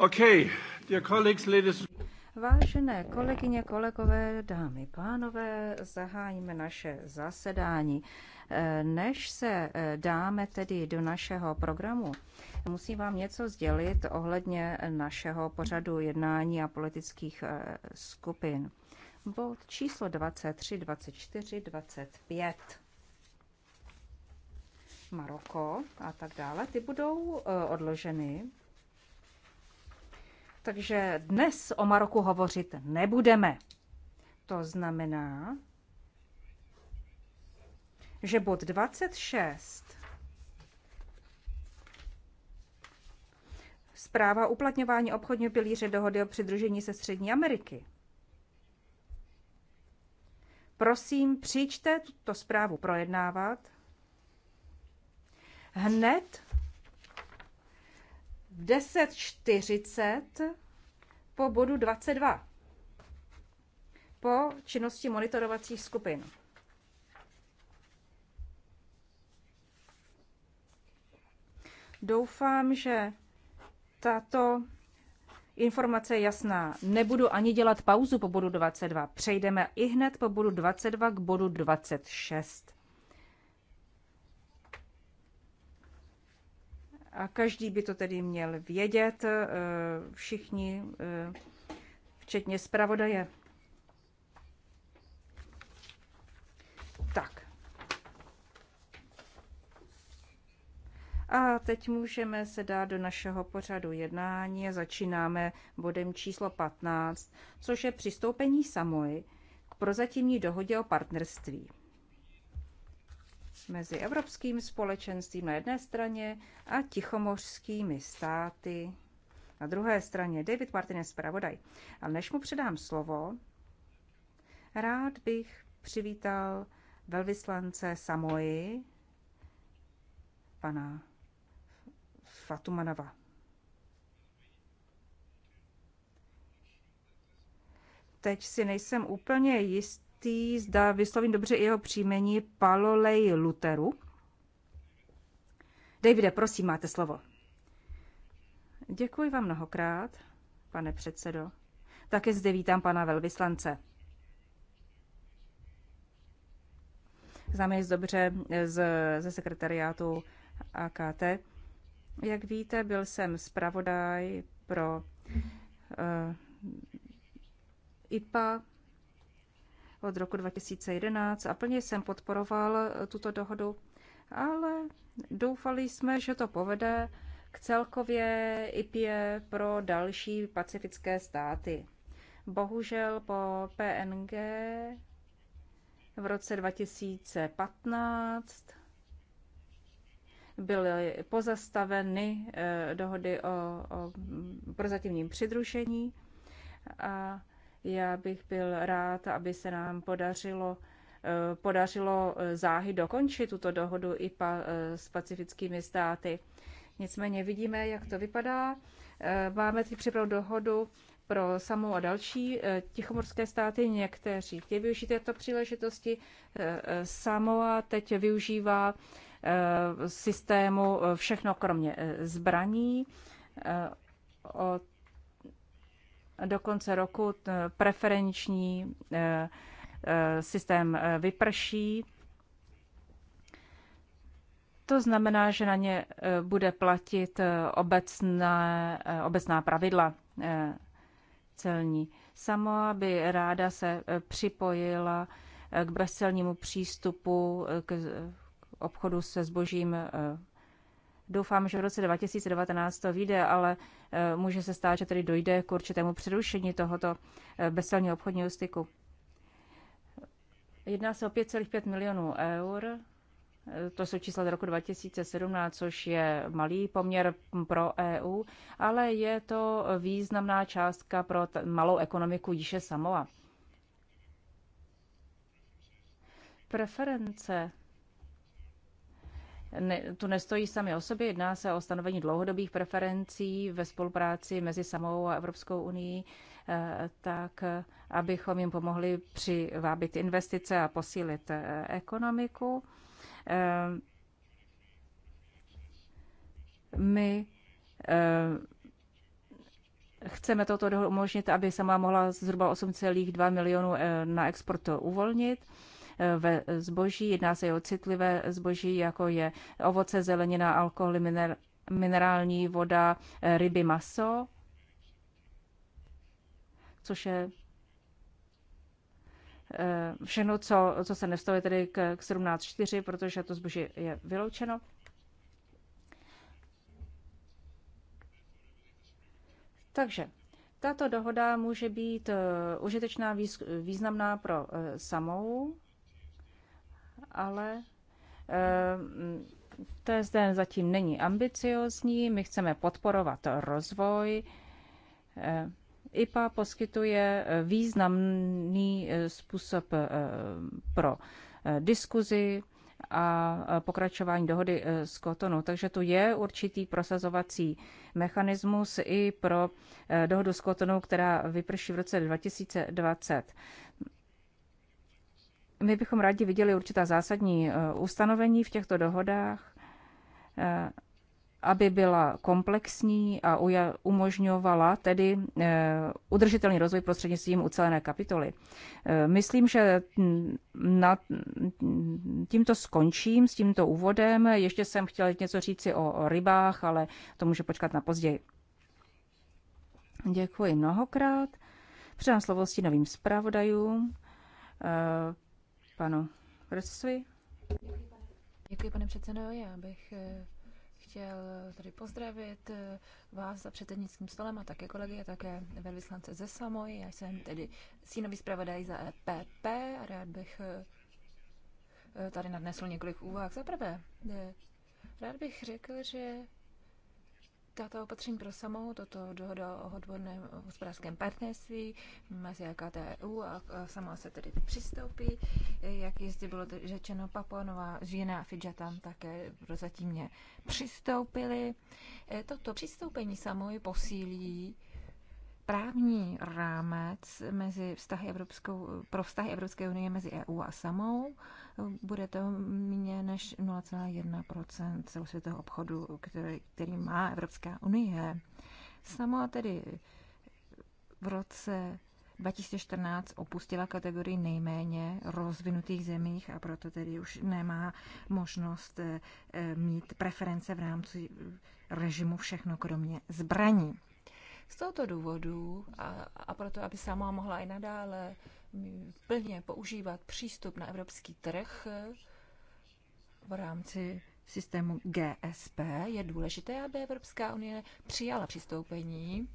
Okay, dear colleagues, ladies. Vážené kolegyně, kolegové, dámy, pánové, zahájíme naše zasedání. Eh, než se eh, dáme tedy do našeho programu, musím vám něco sdělit ohledně našeho pořadu jednání a politických eh, skupin. Bod číslo 23, 24, 25. Maroko a tak dále, ty budou odloženy takže dnes o Maroku hovořit nebudeme. To znamená, že bod 26 zpráva uplatňování obchodního pilíře dohody o přidružení se Střední Ameriky. Prosím, přijďte tuto zprávu projednávat hned v 10.40 po bodu 22 po činnosti monitorovacích skupin. Doufám, že tato informace je jasná. Nebudu ani dělat pauzu po bodu 22. Přejdeme i hned po bodu 22 k bodu 26. A každý by to tedy měl vědět, eh, všichni, eh, včetně zpravodaje. Tak. A teď můžeme se dát do našeho pořadu jednání a začínáme bodem číslo 15, což je přistoupení Samoj k prozatímní dohodě o partnerství mezi Evropským společenstvím na jedné straně a tichomořskými státy na druhé straně. David Martin je zpravodaj. Ale než mu předám slovo, rád bych přivítal velvyslance Samoji, pana Fatumanova. Teď si nejsem úplně jist, jistý, zda vyslovím dobře jeho příjmení, Palolej Luteru. Davide, prosím, máte slovo. Děkuji vám mnohokrát, pane předsedo. Také zde vítám pana velvyslance. Známe je dobře z, ze sekretariátu AKT. Jak víte, byl jsem zpravodaj pro uh, eh, IPA od roku 2011 a plně jsem podporoval eh, tuto dohodu, ale doufali jsme, že to povede k celkově IPě e pro další pacifické státy. Bohužel po PNG v roce 2015 byly pozastaveny eh, dohody o, o prozatímním přidružení a já bych byl rád, aby se nám podařilo eh, podařilo eh, záhy dokončit tuto dohodu i pa, eh, s pacifickými státy. Nicméně vidíme, jak to vypadá. Máme teď připravu dohodu pro samou a další tichomorské státy. Někteří chtějí využít této příležitosti. Samoa teď využívá systému všechno kromě zbraní. Od do konce roku preferenční e, e, systém e, vyprší. To znamená, že na ně bude platit obecné, obecná pravidla celní. Samo, by ráda se připojila k bezcelnímu přístupu k obchodu se zbožím. Doufám, že v roce 2019 to vyjde, ale Eh, může se stát, že tedy dojde k určitému přerušení tohoto eh, bezcelního obchodního styku. Jedná se o 5,5 milionů eur, eh, to jsou čísla z roku 2017, což je malý poměr pro EU, ale je to významná částka pro malou ekonomiku jiše Samoa. Preference ne, tu nestojí sami o sobě, jedná se o stanovení dlouhodobých preferencí ve spolupráci mezi samou a Evropskou unii, eh, tak abychom jim pomohli přivábit investice a posílit eh, ekonomiku. Eh, my chceme toto umožnit, aby sama mohla zhruba 8,2 milionů na export uvolnit Eh, ve zboží. Jedná se o citlivé zboží, jako je ovoce, zelenina, alkohol, minerální voda, eh, ryby, maso, což je eh, všechno, co, co se nevstavuje tedy k, k 17.4, protože to zboží je vyloučeno. Takže tato dohoda může být užitečná, významná pro samou ale eh, TSD zatím není ambiciozní, my chceme podporovat rozvoj. Eh, IPA poskytuje eh, významný způsob pro diskuzi a pokračování dohody s Kotonu. Takže tu je určitý prosazovací mechanismus i pro dohodu s Kotonu, která vyprší v roce 2020 my bychom rádi viděli určitá zásadní eh, ustanovení v těchto dohodách, eh, aby byla komplexní a umožňovala tedy eh, udržitelný rozvoj prostřednictvím ucelené kapitoly. Myslím, že nad tímto skončím, s tímto úvodem. Ještě jsem chtěla něco říci o, rybách, ale to může počkat na později. Děkuji mnohokrát. Předám slovo novým zpravodajům panu Vrstvi. Děkuji, pane předsedo. Já bych eh, chtěl tady pozdravit eh, vás za předsednickým stolem a také kolegy a také velvyslance ze Samoji. Já jsem tedy sínový zpravodaj za EPP a rád bych eh, tady nadnesl několik úvah. Za prvé, rád bych řekl, že tato opatření pro samou toto dohoda o odborném hospodářském partnerství mezi AKT EU a, sama se tedy přistoupí. Jak jistě bylo řečeno, Papuanová žena a Fidža tam také prozatímně přistoupili. E, toto přistoupení samo je posílí právní rámec mezi vztahy Evropskou, pro vztahy Evropské unie mezi EU a samou bude to méně než 0,1 celosvětového obchodu, který, který má Evropská unie. Samo tedy v roce 2014 opustila kategorii nejméně rozvinutých zemích a proto tedy už nemá možnost eh, mít preference v rámci režimu všechno kromě zbraní. Z tohoto důvodu a, a proto, aby sama mohla i nadále plně používat přístup na evropský trh v rámci systému GSP, je důležité, aby Evropská unie přijala přistoupení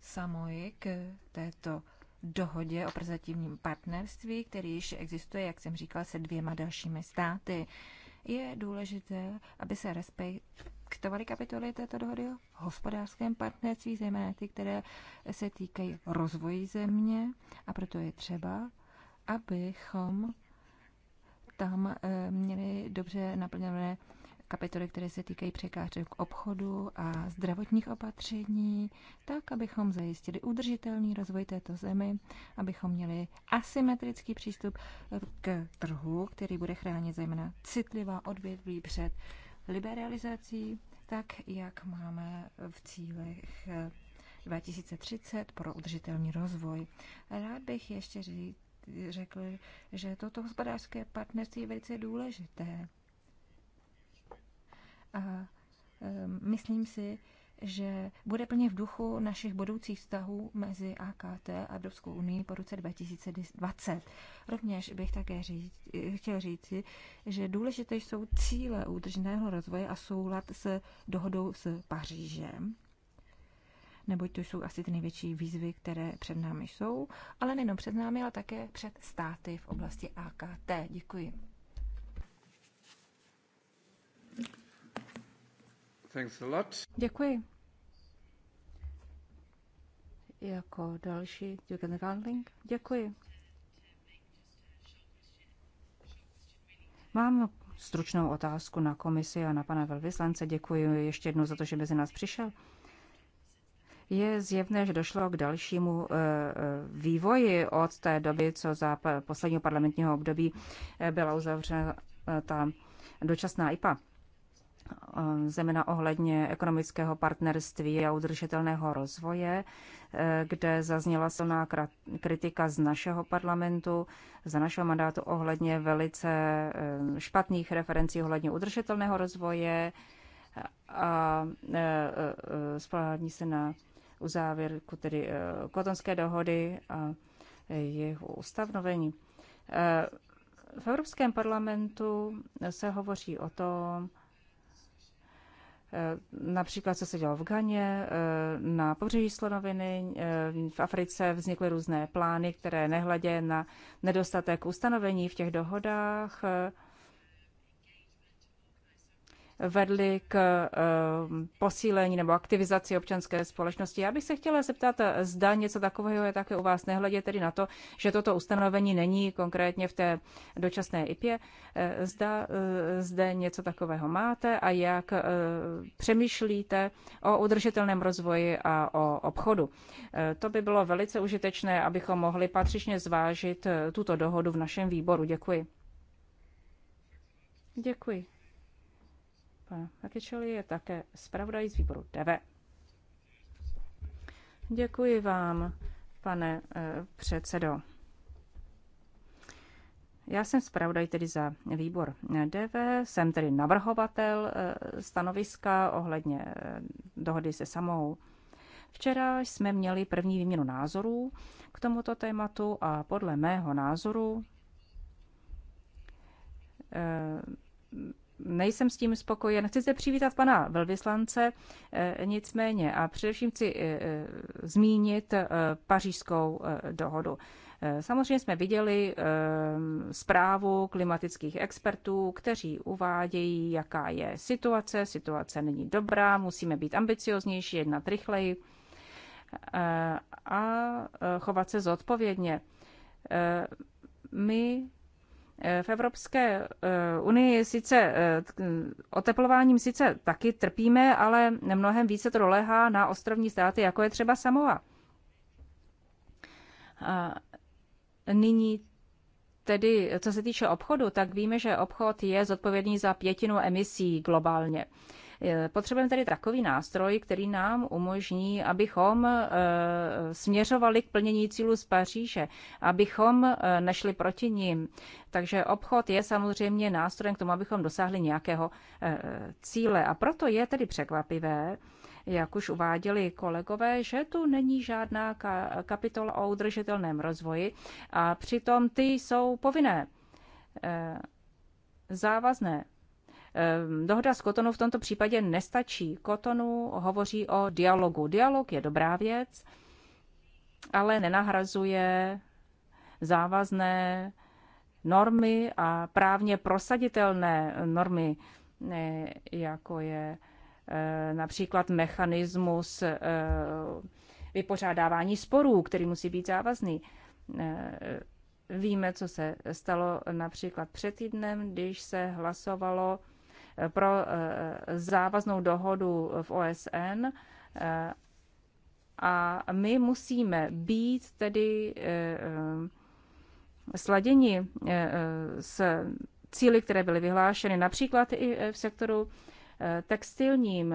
Samoji k této dohodě o prezativním partnerství, který již existuje, jak jsem říkala, se dvěma dalšími státy. Je důležité, aby se respekt respektovaly kapitoly této dohody o hospodářském partnerství, zejména ty, které se týkají rozvoji země a proto je třeba, abychom tam eh, měli dobře naplněné kapitoly, které se týkají překážek obchodu a zdravotních opatření, tak, abychom zajistili udržitelný rozvoj této zemi, abychom měli asymetrický přístup k trhu, který bude chránit zejména citlivá odvětví před liberalizací, tak jak máme v cílech 2030 eh, pro udržitelný rozvoj. Rád bych ještě řekl, že toto hospodářské partnerství je velice důležité. A eh, myslím si, že bude plně v duchu našich budoucích vztahů mezi AKT a Evropskou unii po roce 2020. Rovněž bych také říct, chtěl říci, že důležité jsou cíle údržného rozvoje a soulad s dohodou s Pařížem, neboť to jsou asi ty největší výzvy, které před námi jsou, ale nejenom před námi, ale také před státy v oblasti AKT. Děkuji. Děkuji. Jako další Jürgen Randling. Děkuji. Mám stručnou otázku na komisi a na pana velvyslance. Děkuji ještě jednou za to, že mezi nás přišel. Je zjevné, že došlo k dalšímu eh, eh, vývoji od té doby, co za posledního parlamentního období eh, byla uzavřena ta dočasná IPA zejména ohledně ekonomického partnerství a udržitelného rozvoje, e, kde zazněla silná kritika z našeho parlamentu, za našeho mandátu ohledně velice e, špatných referencí ohledně udržitelného rozvoje a e, spolehání se na uzávěrku tedy kotonské dohody a jeho ustanovení. V Evropském parlamentu se hovoří o tom, Eh, například, co se dělo v Ghaně, eh, na pobřeží slonoviny, eh, v Africe vznikly různé plány, které nehledě na nedostatek ustanovení v těch dohodách, vedly k ehm, posílení nebo aktivizaci občanské společnosti. Já bych se chtěla zeptat, zda něco takového je také u vás, nehledě tedy na to, že toto ustanovení není konkrétně v té dočasné IPě, e. eh, zda eh, zde něco takového máte a jak eh, přemýšlíte o udržitelném rozvoji a o obchodu. To by bylo velice užitečné, abychom mohli patřičně zvážit tuto dohodu v našem výboru. Děkuji. Děkuji. Pane Akičeli je také zpravodaj z výboru DV. Děkuji vám, pane eh, předsedo. Já jsem zpravodaj tedy za výbor DV, jsem tedy navrhovatel eh, stanoviska ohledně eh, dohody se samou. Včera jsme měli první výměnu názorů k tomuto tématu a podle mého názoru nejsem s tím spokojen. Chci se přivítat pana velvyslance, eh, nicméně a především chci eh, eh, zmínit pařížskou dohodu. Samozřejmě jsme viděli zprávu klimatických expertů, kteří uvádějí, jaká je situace. Situace není dobrá, musíme být ambicioznější, jednat rychleji a chovat se zodpovědně. My v Evropské eh, unii sice eh, oteplováním sice taky trpíme, ale mnohem více to dolehá na ostrovní státy, jako je třeba Samoa. A nyní tedy, co se týče obchodu, tak víme, že obchod je zodpovědný za pětinu emisí globálně. Potřebujeme tedy takový nástroj, který nám umožní, abychom eh, směřovali k plnění cílu z Paříže, abychom eh, nešli proti ním. Takže obchod je samozřejmě nástrojem k tomu, abychom dosáhli nějakého eh, cíle. A proto je tedy překvapivé, jak už uváděli kolegové, že tu není žádná kapitola o udržitelném rozvoji a přitom ty jsou povinné, závazné. Ehm, dohoda s Kotonu v tomto případě nestačí. Kotonu hovoří o dialogu. Dialog je dobrá věc, ale nenahrazuje závazné normy a právně prosaditelné normy, eh, jako je eh, například mechanismus eh, vypořádávání sporů, který musí být závazný. Víme, co se stalo například před týdnem, když se hlasovalo pro eh, závaznou dohodu v OSN eh, a my musíme být tedy eh, sladěni s cíly, které byly vyhlášeny například i v sektoru textilním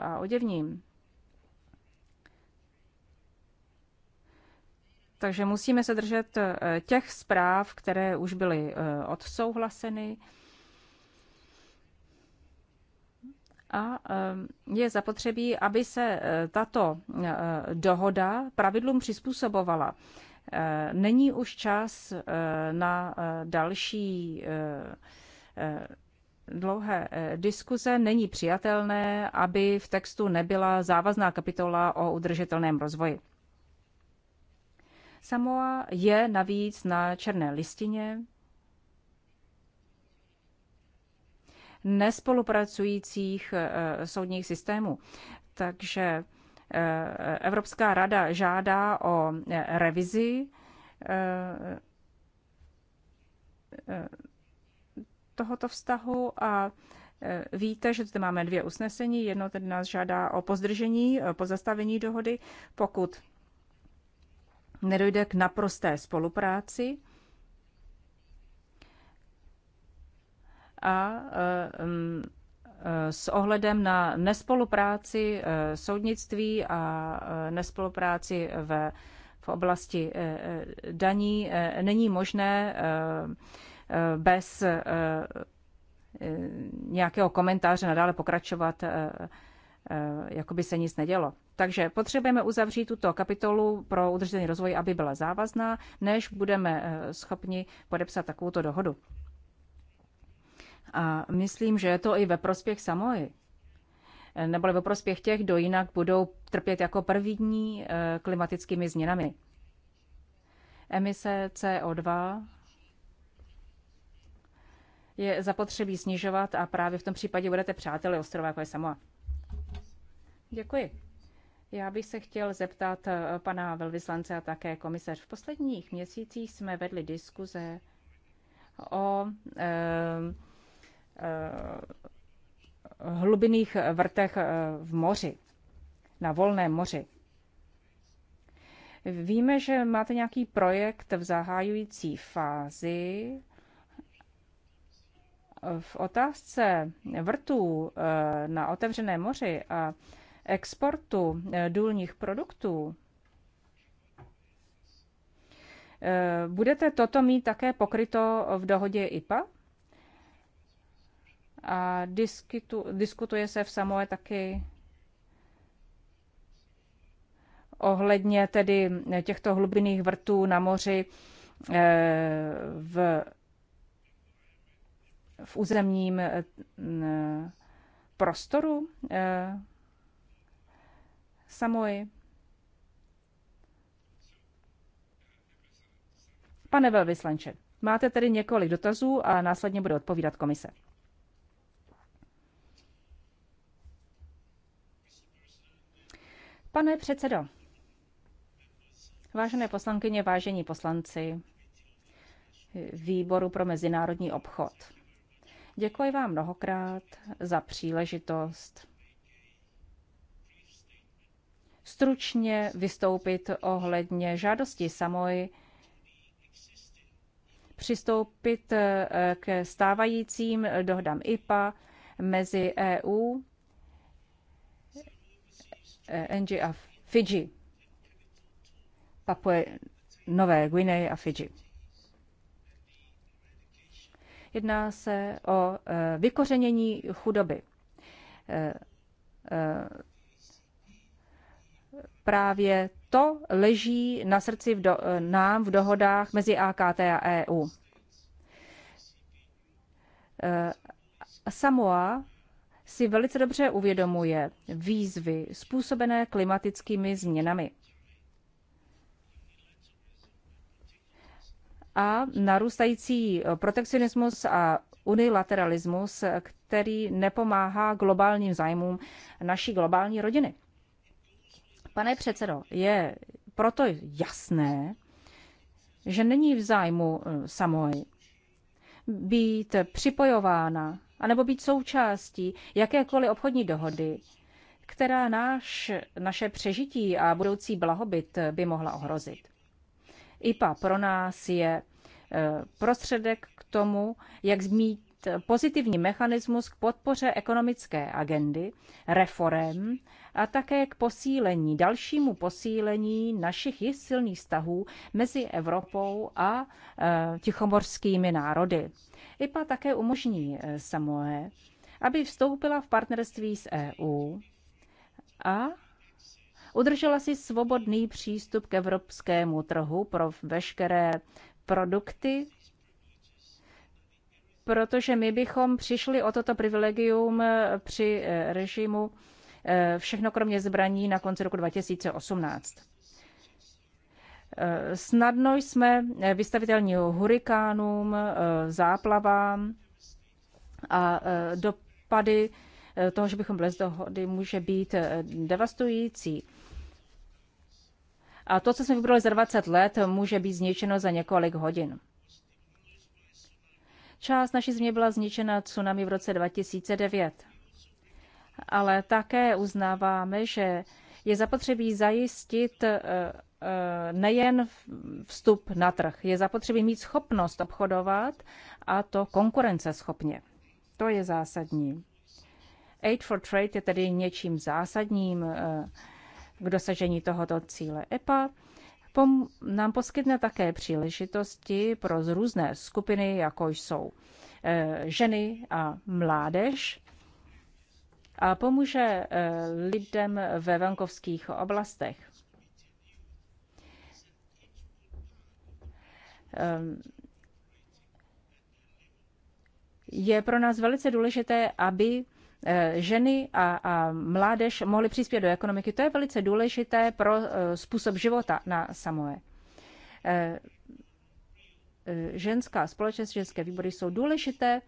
a oděvním. Takže musíme se držet těch zpráv, které už byly odsouhlaseny. a eh, je zapotřebí, aby se eh, tato eh, dohoda pravidlům přizpůsobovala. Není už čas na další dlouhé diskuze. Není přijatelné, aby v textu nebyla závazná kapitola o udržitelném rozvoji. Samoa je navíc na černé listině nespolupracujících eh, eh, soudních systémů. Takže eh, Evropská rada žádá o revizi tohoto vztahu a Víte, že zde máme dvě usnesení. Jedno tedy nás žádá o pozdržení, pozastavení dohody, pokud nedojde k naprosté spolupráci a eh, mm, eh, s ohledem na nespolupráci eh, soudnictví a nespolupráci ve, v oblasti daní není možné bez nějakého komentáře nadále pokračovat, jako by se nic nedělo. Takže potřebujeme uzavřít tuto kapitolu pro udržení rozvoj, aby byla závazná, než budeme schopni podepsat takovouto dohodu. A myslím, že je to i ve prospěch Samoji. Eh, Nebo ve prospěch těch, kdo jinak budou trpět jako první eh, klimatickými změnami. Emise CO2 je zapotřebí snižovat a právě v tom případě budete přáteli ostrova, jako je Samoa. Děkuji. Já bych se chtěl zeptat eh, pana velvyslance a také komisař. V posledních měsících jsme vedli diskuze o e, Eh, hlubinných vrtech eh, v moři, na volném moři. Víme, že máte nějaký projekt v zahájující fázi. V otázce vrtů eh, na otevřené moři a exportu důlních produktů budete toto mít také pokryto v dohodě IPA? A diskitu, diskutuje se v Samoe taky ohledně tedy těchto hlubinných vrtů na moři eh, v, v územním eh, prostoru eh, Samoji. Pane velvyslanče, máte tedy několik dotazů a následně bude odpovídat komise. Pane předsedo, vážené poslankyně, vážení poslanci Výboru pro mezinárodní obchod, děkuji vám mnohokrát za příležitost stručně vystoupit ohledně žádosti samoj přistoupit eh, k stávajícím dohodám IPA mezi EU Eh, NGA Fiji, Fidži, Papue Nové Guineji a Fiji. Jedná se o eh, vykořenění chudoby. Eh, právě to leží na srdci v do, nám v dohodách mezi AKT a EU. Samoa si velice dobře uvědomuje výzvy způsobené klimatickými změnami. A narůstající protekcionismus a unilateralismus, který nepomáhá globálním zájmům naší globální rodiny. Pane předsedo, je proto jasné, že není v zájmu eh, samoj být připojována anebo být součástí jakékoliv obchodní dohody, která náš, naše přežití a budoucí blahobyt by mohla ohrozit. IPA pro nás je e, prostředek k tomu, jak zmít pozitivní mechanismus k podpoře ekonomické agendy, reform a také k posílení, dalšímu posílení našich silných vztahů mezi Evropou a e, tichomorskými národy. IPA také umožní e, Samoé, aby vstoupila v partnerství s EU a udržela si svobodný přístup k evropskému trhu pro veškeré produkty, protože my bychom přišli o toto privilegium e, při režimu Eh, všechno kromě zbraní na konci roku 2018. Eh, snadno jsme vystavitelní hurikánům, eh, záplavám a dopady toho, že bychom byli z dohody, může být devastující. A to, co jsme vybrali za 20 let, může být zničeno za několik hodin. Část naší země byla zničena tsunami v roce 2009 ale také uznáváme, že je zapotřebí zajistit eh, eh, nejen vstup na trh, je zapotřebí mít schopnost obchodovat a to konkurenceschopně. To je zásadní. Aid for Trade je tedy něčím zásadním eh, k dosažení tohoto cíle EPA. Pom- nám poskytne také příležitosti pro různé skupiny, jako jsou ženy a mládež, a pomůže eh, lidem ve venkovských oblastech. Ehm, je pro nás velice důležité, aby eh, ženy a, a mládež mohly přispět do ekonomiky. To je velice důležité pro eh, způsob života na Samoe. Ženská společnost, ženské výbory jsou důležité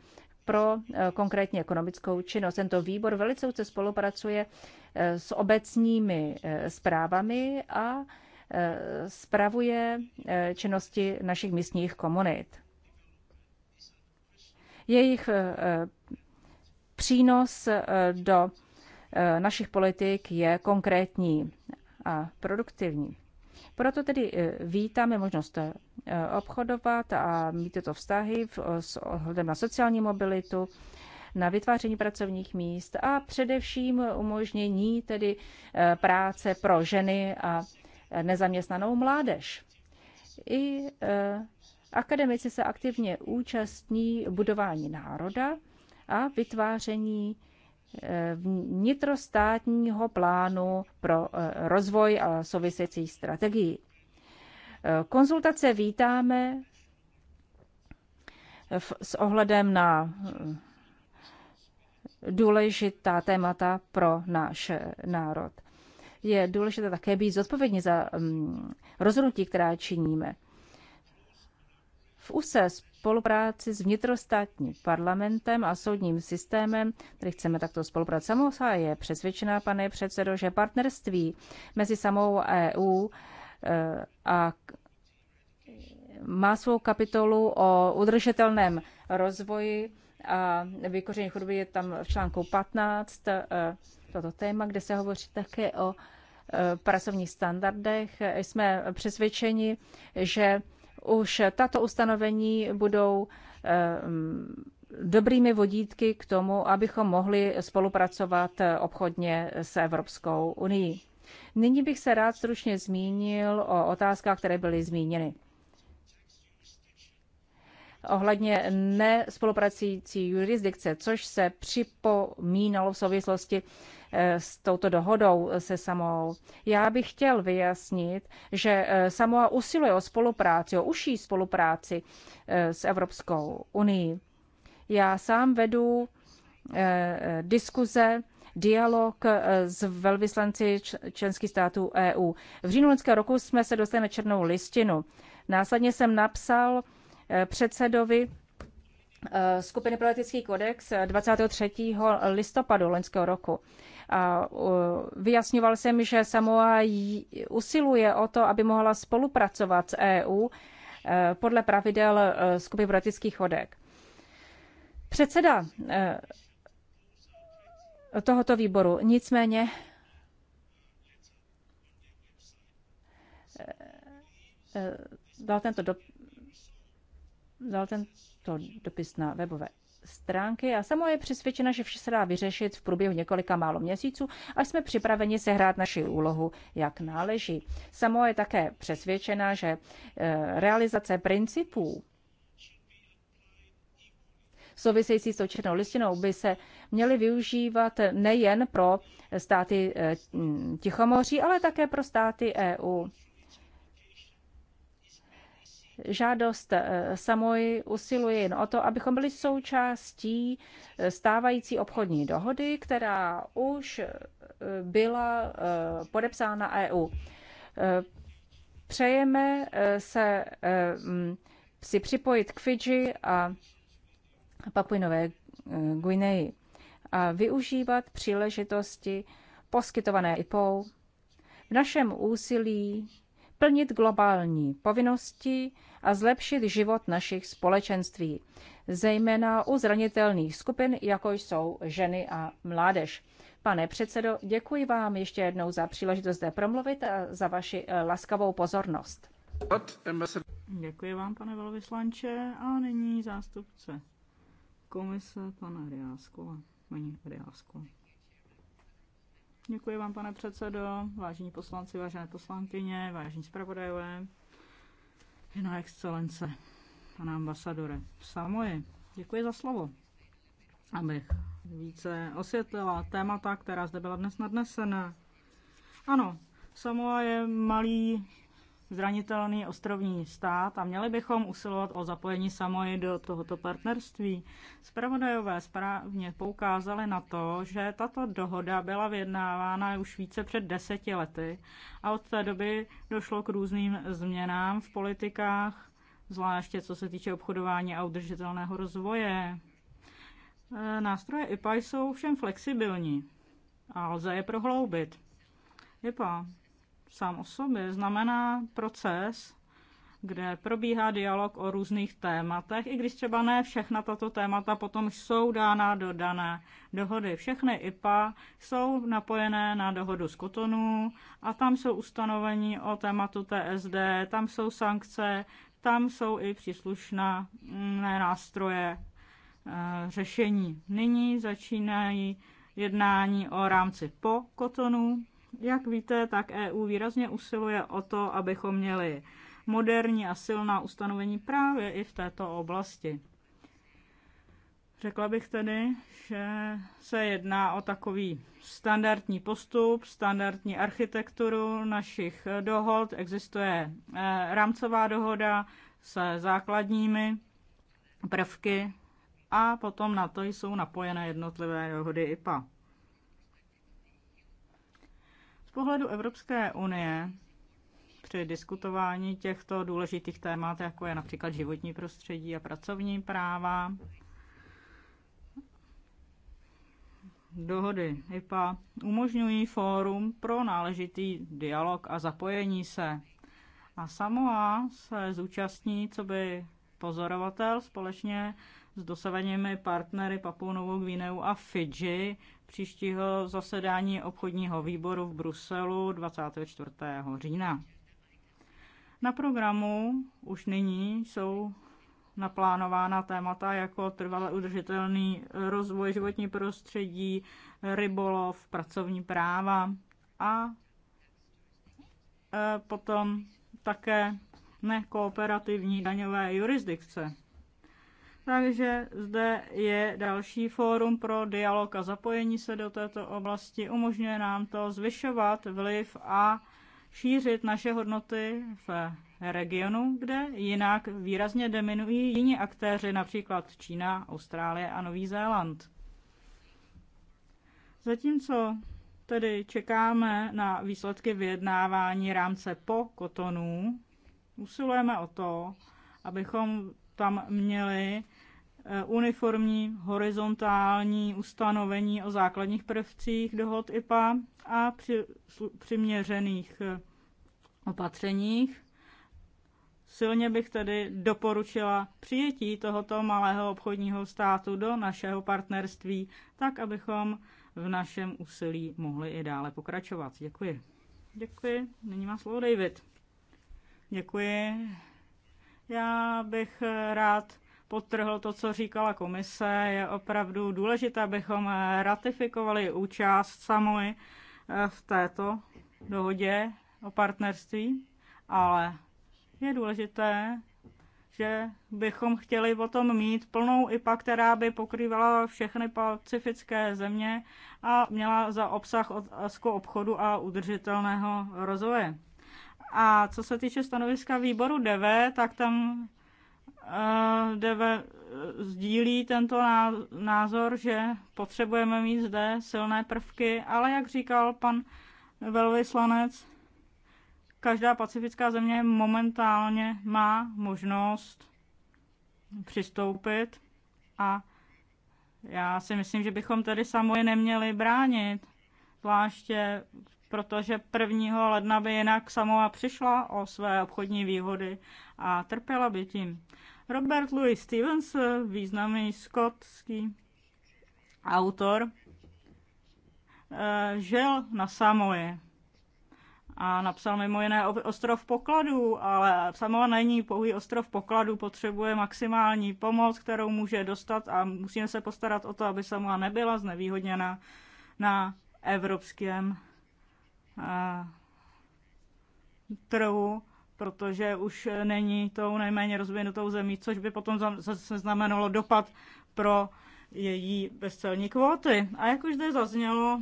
pro eh, konkrétně ekonomickou činnost. Tento výbor velice úce spolupracuje eh, s obecními eh, zprávami a spravuje činnosti našich místních komunit. Jejich přínos do našich politik je konkrétní a produktivní. Proto tedy eh, vítáme možnost eh, obchodovat a mít tyto vztahy s ohledem na sociální mobilitu, na vytváření pracovních míst a především umožnění tedy eh, práce pro ženy a nezaměstnanou mládež. I akademici se aktivně účastní budování národa a vytváření vnitrostátního plánu pro eh, rozvoj a související strategii. Eh, konzultace vítáme v, s ohledem na eh, důležitá témata pro náš národ. Je důležité také být zodpovědní za mm, rozhodnutí, která činíme. V úse spolupráci s vnitrostátním parlamentem a soudním systémem, který chceme takto spolupracovat. samozřejmě. je přesvědčená, pane předsedo, že partnerství mezi samou EU eh, a má svou kapitolu o udržitelném rozvoji a vykoření chudoby je tam v článku 15 eh, toto téma, kde se hovoří také o eh, pracovních standardech. Jsme přesvědčeni, že už tato ustanovení budou eh, dobrými vodítky k tomu, abychom mohli spolupracovat eh, obchodně s Evropskou unii. Nyní bych se rád stručně zmínil o otázkách, které byly zmíněny ohledně nespolupracující jurisdikce, což se připomínalo v souvislosti eh, s touto dohodou se samou. Já bych chtěl vyjasnit, že eh, Samoa usiluje o spolupráci, o užší spolupráci eh, s Evropskou unii. Já sám vedu diskuze dialog s velvyslanci členských států EU. V říjnu loňského roku jsme se dostali na černou listinu. Následně jsem napsal Eh, předsedovi eh, skupiny pro etický kodex 23. Eh, listopadu loňského roku. A vyjasňoval jsem, že Samoa usiluje o to, aby mohla spolupracovat s EU podle pravidel skupiny pro etický kodek. Předseda tohoto výboru nicméně dal tento dopis dal tento dopis na webové stránky a sama je přesvědčena, že vše se dá vyřešit v průběhu několika málo měsíců a jsme připraveni sehrát naši úlohu, jak náleží. Samo je také přesvědčena, že eh, realizace principů související s tou listinou by se měly využívat nejen pro státy eh, Tichomoří, ale také pro státy EU žádost eh, Samoj usiluje jen o to, abychom byli součástí eh, stávající obchodní dohody, která už eh, byla podepsána EU. Přejeme se mm, si připojit k Fidži a Papuinové Guineji a využívat příležitosti poskytované IPO v našem úsilí plnit globální povinnosti a zlepšit život našich společenství, zejména u zranitelných skupin, jako jsou ženy a mládež. Pane předsedo, děkuji vám ještě jednou za příležitost zde promluvit a za vaši eh, laskavou pozornost. Děkuji vám, pane velvyslanče. A nyní zástupce komise, pana Riáskova. pane Riáskova. Děkuji vám, pane předsedo, vážení poslanci, vážené poslankyně, vážení zpravodajové, Jiná excelence, pane ambasadore Samoji. Děkuji za slovo, abych více osvětlila témata, která zde byla dnes nadnesena. Ano, Samoa je malý zranitelný ostrovní stát a měli bychom usilovat o zapojení Samoji do tohoto partnerství. Spravodajové správně poukázali na to, že tato dohoda byla vyjednávána už více před deseti lety a od té doby došlo k různým změnám v politikách, zvláště co se týče obchodování a udržitelného rozvoje. E, nástroje IPA jsou všem flexibilní a lze je prohloubit. IPA sám o sobě znamená proces, kde probíhá dialog o různých tématech, i když třeba ne všechna tato témata potom jsou dána do dané dohody. Všechny IPA jsou napojené na dohodu z Kotonu a tam jsou ustanovení o tématu TSD, tam jsou sankce, tam jsou i příslušná nástroje e, řešení. Nyní začínají jednání o rámci po Kotonu, jak víte, tak EU výrazně usiluje o to, abychom měli moderní a silná ustanovení právě i v této oblasti. Řekla bych tedy, že se jedná o takový standardní postup, standardní architekturu našich dohod. Existuje e, rámcová dohoda se základními prvky a potom na to jsou napojené jednotlivé dohody IPA pohledu Evropské unie při diskutování těchto důležitých témat, jako je například životní prostředí a pracovní práva, dohody IPA umožňují fórum pro náležitý dialog a zapojení se. A Samoa se zúčastní, co by pozorovatel společně s dosavadními partnery Papou Novou Gvineu a Fidži příštího zasedání obchodního výboru v Bruselu 24. října. Na programu už nyní jsou naplánována témata jako trvale udržitelný rozvoj životní prostředí, rybolov, pracovní práva a e, potom také nekooperativní daňové jurisdikce. Takže zde je další fórum pro dialog a zapojení se do této oblasti. Umožňuje nám to zvyšovat vliv a šířit naše hodnoty v regionu, kde jinak výrazně deminují jiní aktéři, například Čína, Austrálie a Nový Zéland. Zatímco tedy čekáme na výsledky vyjednávání rámce po kotonů, usilujeme o to, abychom tam měli Eh, uniformní horizontální ustanovení o základních prvcích dohod IPA a při, přiměřených eh, opatřeních. Silně bych tedy doporučila přijetí tohoto malého obchodního státu do našeho partnerství, tak abychom v našem úsilí mohli i dále pokračovat. Děkuji. Děkuji. Nyní má slovo David. Děkuji. Já bych eh, rád potrhl to, co říkala komise. Je opravdu důležité, abychom ratifikovali účast samoj eh, v této dohodě o partnerství, ale je důležité, že bychom chtěli potom mít plnou IPA, která by pokrývala všechny pacifické země a měla za obsah otázku obchodu a udržitelného rozvoje. A co se týče stanoviska výboru DV, tak tam Eh, deve, eh, sdílí tento názor, že potřebujeme mít zde silné prvky, ale jak říkal pan velvyslanec, každá pacifická země momentálně má možnost přistoupit a já si myslím, že bychom tedy samoji neměli bránit, zvláště protože 1. ledna by jinak samoa přišla o své obchodní výhody a trpěla by tím. Robert Louis Stevens, významný skotský autor, eh, žil na Samoje a napsal mimo jiné ostrov pokladů, ale Samoa není pouhý ostrov pokladů, potřebuje maximální pomoc, kterou může dostat a musíme se postarat o to, aby Samoa nebyla znevýhodněna na evropském eh, trhu protože už není tou nejméně rozvinutou zemí, což by potom zase znamenalo dopad pro její bezcelní kvóty. A jak už zde zaznělo,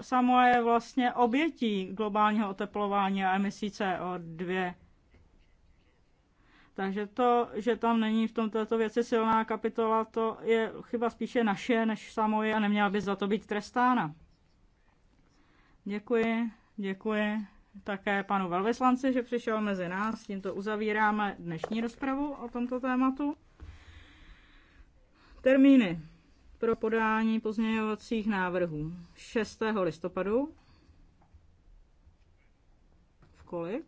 Samoa je vlastně obětí globálního oteplování a emisí CO2. Takže to, že tam není v tomto této věci silná kapitola, to je chyba spíše naše než Samoje a neměla by za to být trestána. Děkuji, děkuji také panu velvyslanci, že přišel mezi nás. Tímto uzavíráme dnešní rozpravu o tomto tématu. Termíny pro podání pozměňovacích návrhů 6. listopadu. V kolik?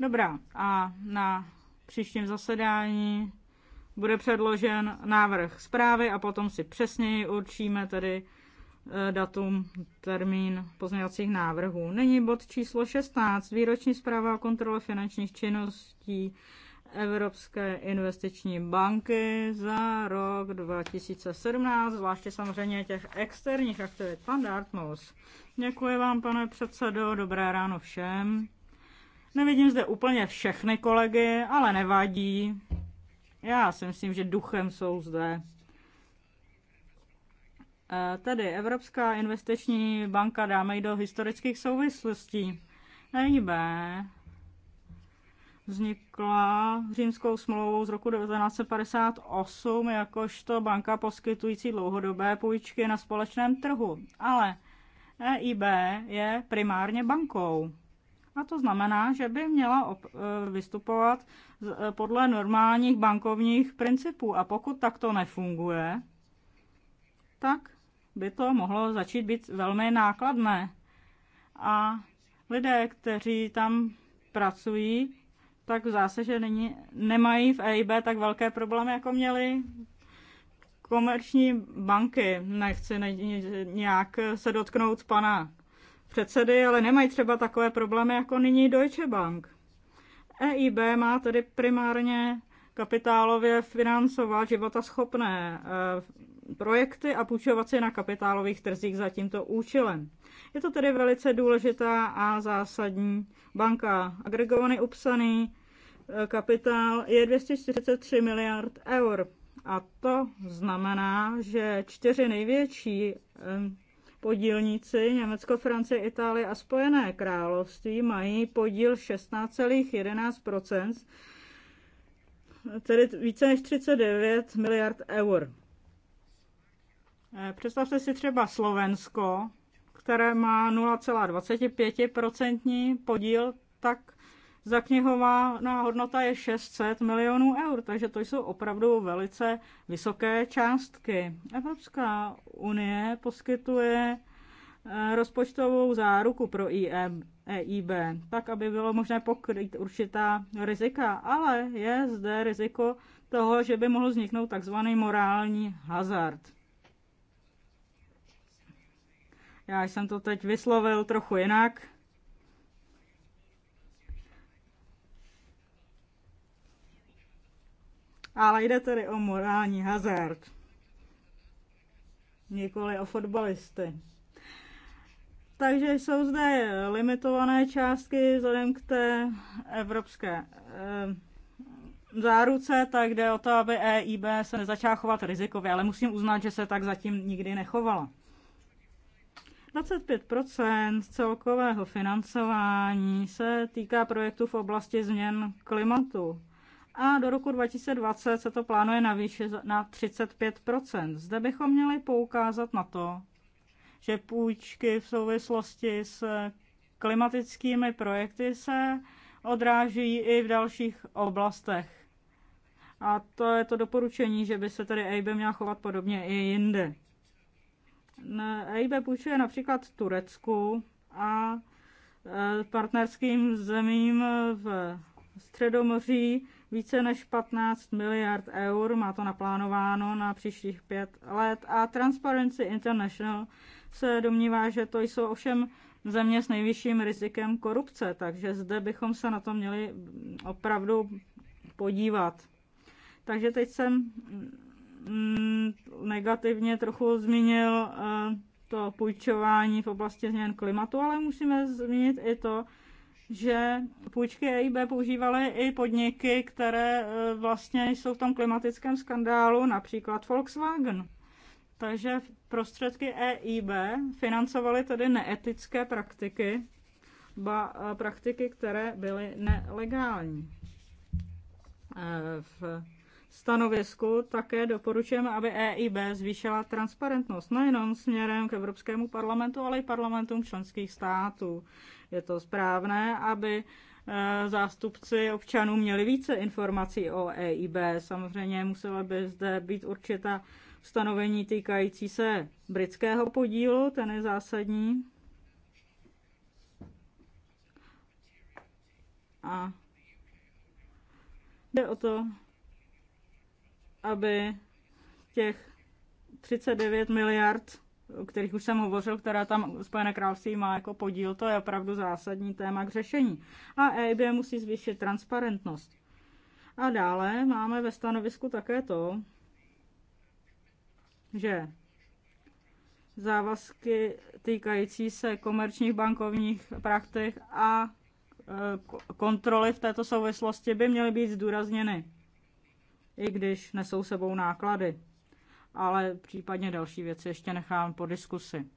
Dobrá, a na příštím zasedání bude předložen návrh zprávy a potom si přesněji určíme tedy eh, datum, termín pozměňovacích návrhů. Není bod číslo 16, výroční zpráva o kontrole finančních činností Evropské investiční banky za rok 2017, zvláště samozřejmě těch externích aktivit. Pan Dartmouth, děkuji vám, pane předsedo, dobré ráno všem. Nevidím zde úplně všechny kolegy, ale nevadí. Já si myslím, že duchem jsou zde. Eh, tedy Evropská investiční banka dáme ji do historických souvislostí. EIB vznikla římskou smlouvou z roku 1958 jakožto banka poskytující dlouhodobé půjčky na společném trhu. Ale EIB je primárně bankou. A to znamená, že by měla eh, vystupovat eh, podle normálních bankovních principů. A pokud takto nefunguje, tak by to mohlo začít být velmi nákladné. A lidé, kteří tam pracují, tak v že není, nemají v EIB tak velké problémy, jako měli komerční banky. Nechci nějak se dotknout pana předsedy, ale nemají třeba takové problémy jako nyní Deutsche Bank. EIB má tedy primárně kapitálově financovat životaschopné eh, projekty a půjčovat si na kapitálových trzích za tímto účelem. Je to tedy velice důležitá a zásadní banka. Agregovaný upsaný eh, kapitál je 243 miliard eur. A to znamená, že čtyři největší eh, podílníci Německo, Francie, Itálie a Spojené království mají podíl 16,11%, tedy více než 39 miliard eur. Eh, představte si třeba Slovensko, které má 0,25% podíl, tak zaknihovaná hodnota je 600 milionů eur, takže to jsou opravdu velice vysoké částky. Evropská unie poskytuje eh, rozpočtovou záruku pro EIB, e tak aby bylo možné pokryt určitá rizika, ale je zde riziko toho, že by mohl vzniknout takzvaný morální hazard. Já jsem to teď vyslovil trochu jinak, ale jde tedy o morální hazard, nikoli o fotbalisty. Takže jsou zde limitované částky vzhledem k té evropské eh, záruce, tak jde o to, aby EIB se nezačala chovat rizikově, ale musím uznat, že se tak zatím nikdy nechovala. 25 celkového financování se týká projektů v oblasti změn klimatu a do roku 2020 se to plánuje navýšit na 35 Zde bychom měli poukázat na to, že půjčky v souvislosti s klimatickými projekty se odráží i v dalších oblastech. A to je to doporučení, že by se tady EIB měla chovat podobně i jinde. EIB půjčuje například Turecku a e, partnerským zemím v Středomoří více než 15 miliard eur, má to naplánováno na příštích pět let a Transparency International se domnívá, že to jsou ovšem země s nejvyšším rizikem korupce, takže zde bychom se na to měli opravdu podívat. Takže teď jsem mm, negativně trochu zmínil eh, to půjčování v oblasti změn klimatu, ale musíme zmínit i to, že půjčky EIB používaly i podniky, které e, vlastně jsou v tom klimatickém skandálu, například Volkswagen. Takže prostředky EIB financovaly tedy neetické praktiky, ba e, praktiky, které byly nelegální. E, v stanovisku také doporučujeme, aby EIB zvýšila transparentnost nejenom směrem k Evropskému parlamentu, ale i parlamentům členských států. Je to správné, aby eh, zástupci občanů měli více informací o EIB. Samozřejmě musela by zde být určitá stanovení týkající se britského podílu, ten je zásadní. A jde o to, aby těch 39 miliard o kterých už jsem hovořil, která tam Spojené království má jako podíl, to je opravdu zásadní téma k řešení. A EIB musí zvýšit transparentnost. A dále máme ve stanovisku také to, že závazky týkající se komerčních bankovních praktik a e, kontroly v této souvislosti by měly být zdůrazněny, i když nesou sebou náklady ale případně další věci ještě nechám po diskusi.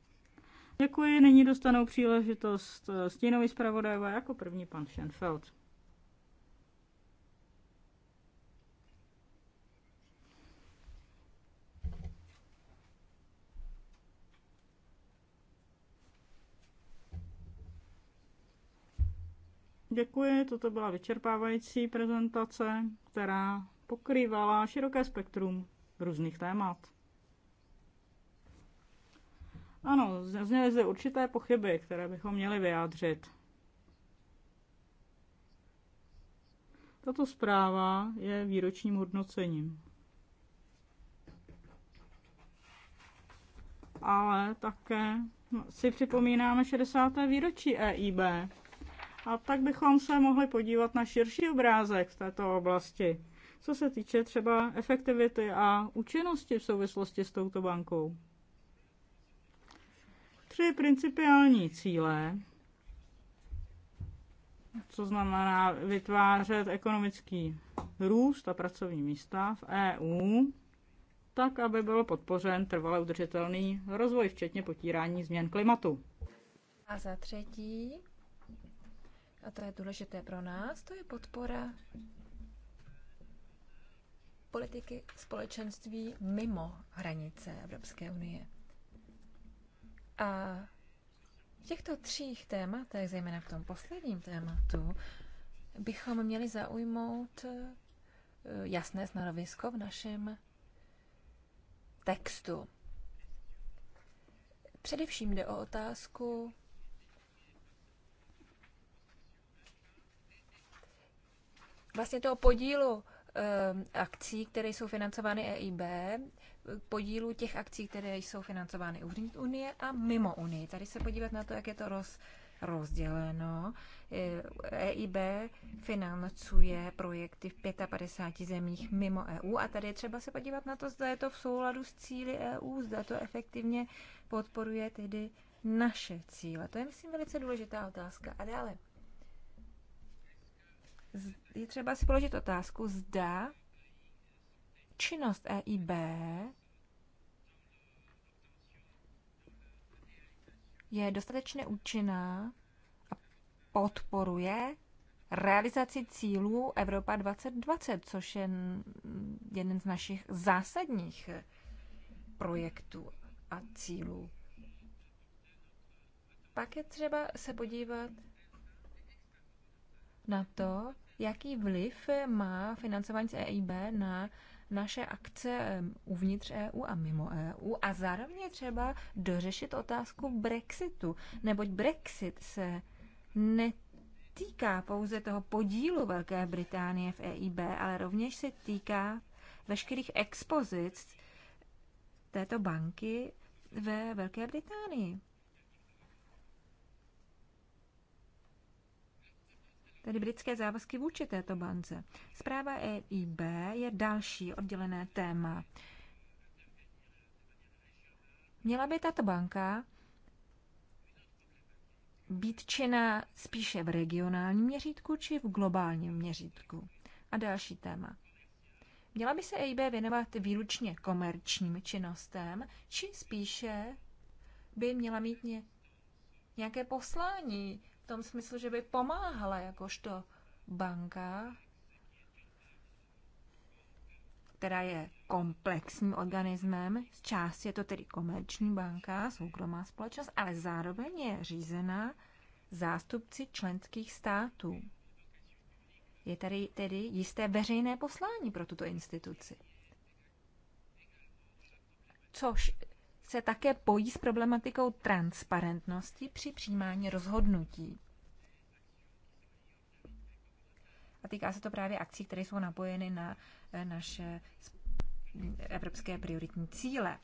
Děkuji, nyní dostanou příležitost eh, stínový zpravodajové jako první pan Schenfeld. Děkuji, toto byla vyčerpávající prezentace, která pokrývala široké spektrum různých témat. Ano, zazněly zde určité pochyby, které bychom měli vyjádřit. Tato zpráva je výročním hodnocením. Ale také si připomínáme 60. výročí EIB. A tak bychom se mohli podívat na širší obrázek v této oblasti co se týče třeba efektivity a účinnosti v souvislosti s touto bankou. Tři principiální cíle, co znamená vytvářet ekonomický růst a pracovní místa v EU, tak, aby byl podpořen trvale udržitelný rozvoj, včetně potírání změn klimatu. A za třetí, a to je důležité pro nás, to je podpora politiky společenství mimo hranice Evropské unie. A v těchto třích tématech, zejména v tom posledním tématu, bychom měli zaujmout eh, jasné stanovisko v našem textu. Především jde o otázku, vlastně toho podílu Ehm, akcí, které jsou financovány EIB, podílu těch akcí, které jsou financovány uvnitř Unie a mimo Unii. Tady se podívat na to, jak je to roz, rozděleno. EIB eh, e financuje projekty v 55 zemích mimo EU a tady je třeba se podívat na to, zda je to v souladu s cíly EU, zda to efektivně podporuje tedy naše cíle. To je, myslím, velice důležitá otázka. A dále, je třeba si položit otázku, zda činnost EIB je dostatečně účinná a podporuje realizaci cílů Evropa 2020, což je jeden z našich zásadních projektů a cílů. Pak je třeba se podívat na to, jaký vliv má financování z EIB na naše akce uvnitř EU a mimo EU a zároveň třeba dořešit otázku Brexitu, neboť Brexit se netýká pouze toho podílu Velké Británie v EIB, ale rovněž se týká veškerých expozic této banky ve Velké Británii. tedy britské závazky vůči této bance. Zpráva EIB je další oddělené téma. Měla by tato banka být činná spíše v regionálním měřítku či v globálním měřítku? A další téma. Měla by se EIB věnovat výlučně komerčním činnostem, či spíše by měla mít nějaké poslání, tom smyslu, že by pomáhala jakožto banka, která je komplexním organismem, z části je to tedy komerční banka, soukromá společnost, ale zároveň je řízená zástupci členských států. Je tady tedy jisté veřejné poslání pro tuto instituci. Což se také pojí s problematikou transparentnosti při přijímání rozhodnutí. A týká se to právě akcí, které jsou napojeny na eh, naše evropské prioritní cíle.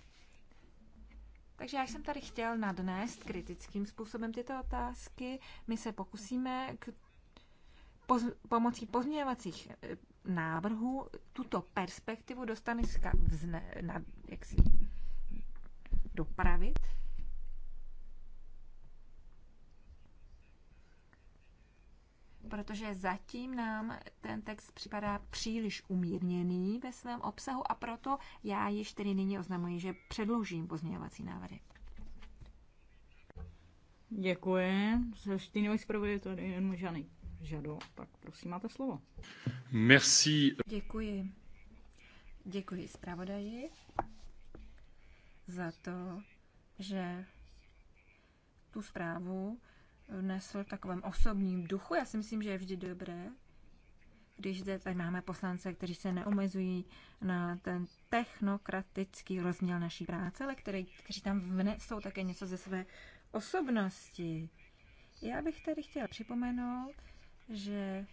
Takže já jsem tady chtěl nadnést kritickým způsobem tyto otázky. My se pokusíme k poz, pomocí pozměňovacích eh, návrhů tuto perspektivu dostane vzne, na, jak si, dopravit. Protože zatím nám ten text připadá příliš umírněný ve svém obsahu a proto já již tedy nyní oznamuji, že předložím pozměňovací návrhy. Děkuji. Se štínový zpravodaj to jenom žádný žado, tak prosím, máte slovo. Merci. Děkuji. Děkuji zpravodaji za to, že tu zprávu nesl v takovém osobním duchu. Já si myslím, že je vždy dobré, když zde tady máme poslance, kteří se neomezují na ten technokratický rozměr naší práce, ale který, kteří tam vnesou také něco ze své osobnosti. Já bych tady chtěla připomenout, že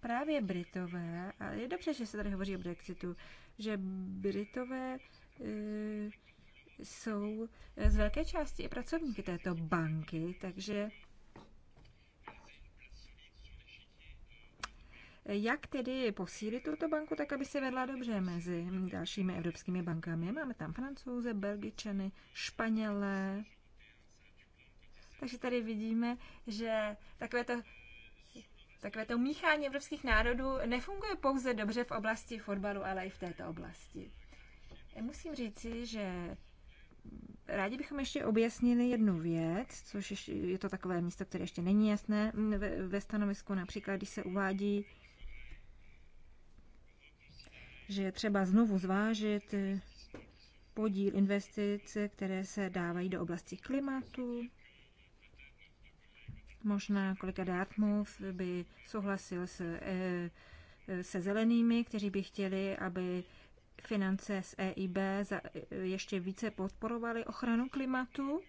právě Britové, a je dobře, že se tady hovoří o Brexitu, že Britové Eh, jsou z velké části i pracovníky této banky, takže Jak tedy posílit tuto banku tak, aby se vedla dobře mezi dalšími evropskými bankami? Máme tam francouze, belgičany, španělé. Takže tady vidíme, že takové to, takové to míchání evropských národů nefunguje pouze dobře v oblasti fotbalu, ale i v této oblasti. Musím říci, že rádi bychom ještě objasnili jednu věc, což je to takové místo, které ještě není jasné mm, ve, stanovisku, například když se uvádí, že je třeba znovu zvážit eh, podíl investic, které se dávají do oblasti klimatu. Možná kolega Dartmouth by souhlasil se, eh, eh, se zelenými, kteří by chtěli, aby finance z EIB za, ještě více podporovaly ochranu klimatu.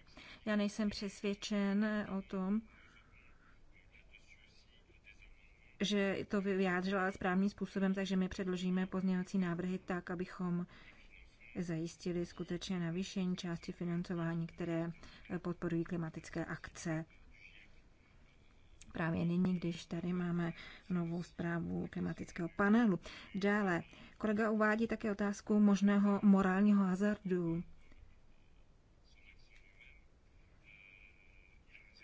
Já nejsem přesvědčen o tom, že to vyjádřila správným způsobem, takže my předložíme pozměňovací návrhy tak, abychom zajistili skutečně navýšení části financování, které podporují klimatické akce právě nyní, když tady máme novou zprávu klimatického panelu. Dále, kolega uvádí také otázku možného morálního hazardu.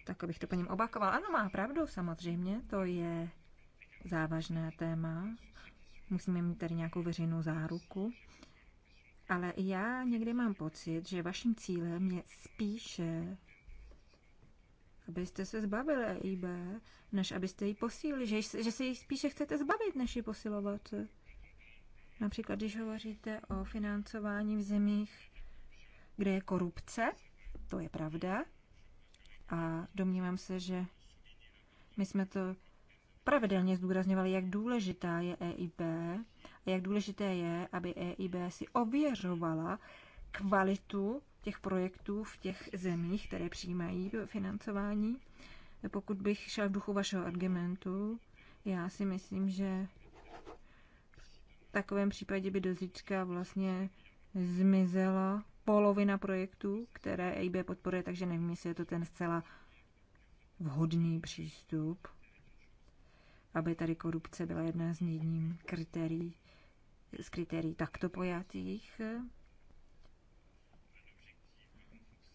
Tak abych to po něm obakoval. Ano, má pravdu, samozřejmě, to je závažné téma. Musíme mít tady nějakou veřejnou záruku. Ale já někdy mám pocit, že vaším cílem je spíše abyste se zbavili EIB, než abyste ji posílili, že, že se jí spíše chcete zbavit, než ji posilovat. Například, když hovoříte o financování v zemích, kde je korupce, to je pravda, a domnívám se, že my jsme to pravidelně zdůrazňovali, jak důležitá je EIB a jak důležité je, aby EIB si ověřovala kvalitu těch projektů v těch zemích, které přijímají financování. Pokud bych šel v duchu vašeho argumentu, já si myslím, že v takovém případě by do zítřka vlastně zmizela polovina projektů, které EIB podporuje, takže nevím, jestli je to ten zcela vhodný přístup, aby tady korupce byla jedna z jedním kritérií, z kritérií takto pojatých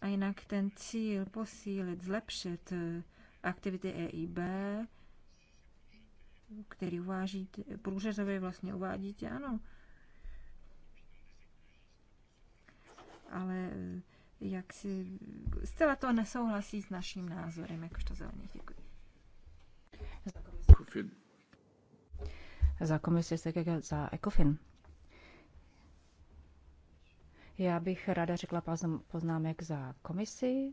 jinak ten cíl posílit, zlepšit eh, aktivity EIB, který uváží průřezově vlastně uvádíte, ano. Ale eh, jak si zcela to nesouhlasí s naším názorem, to zelených. Děkuji. Za komisi, za komisi, za ECOFIN. Já bych ráda řekla poznámek za komisi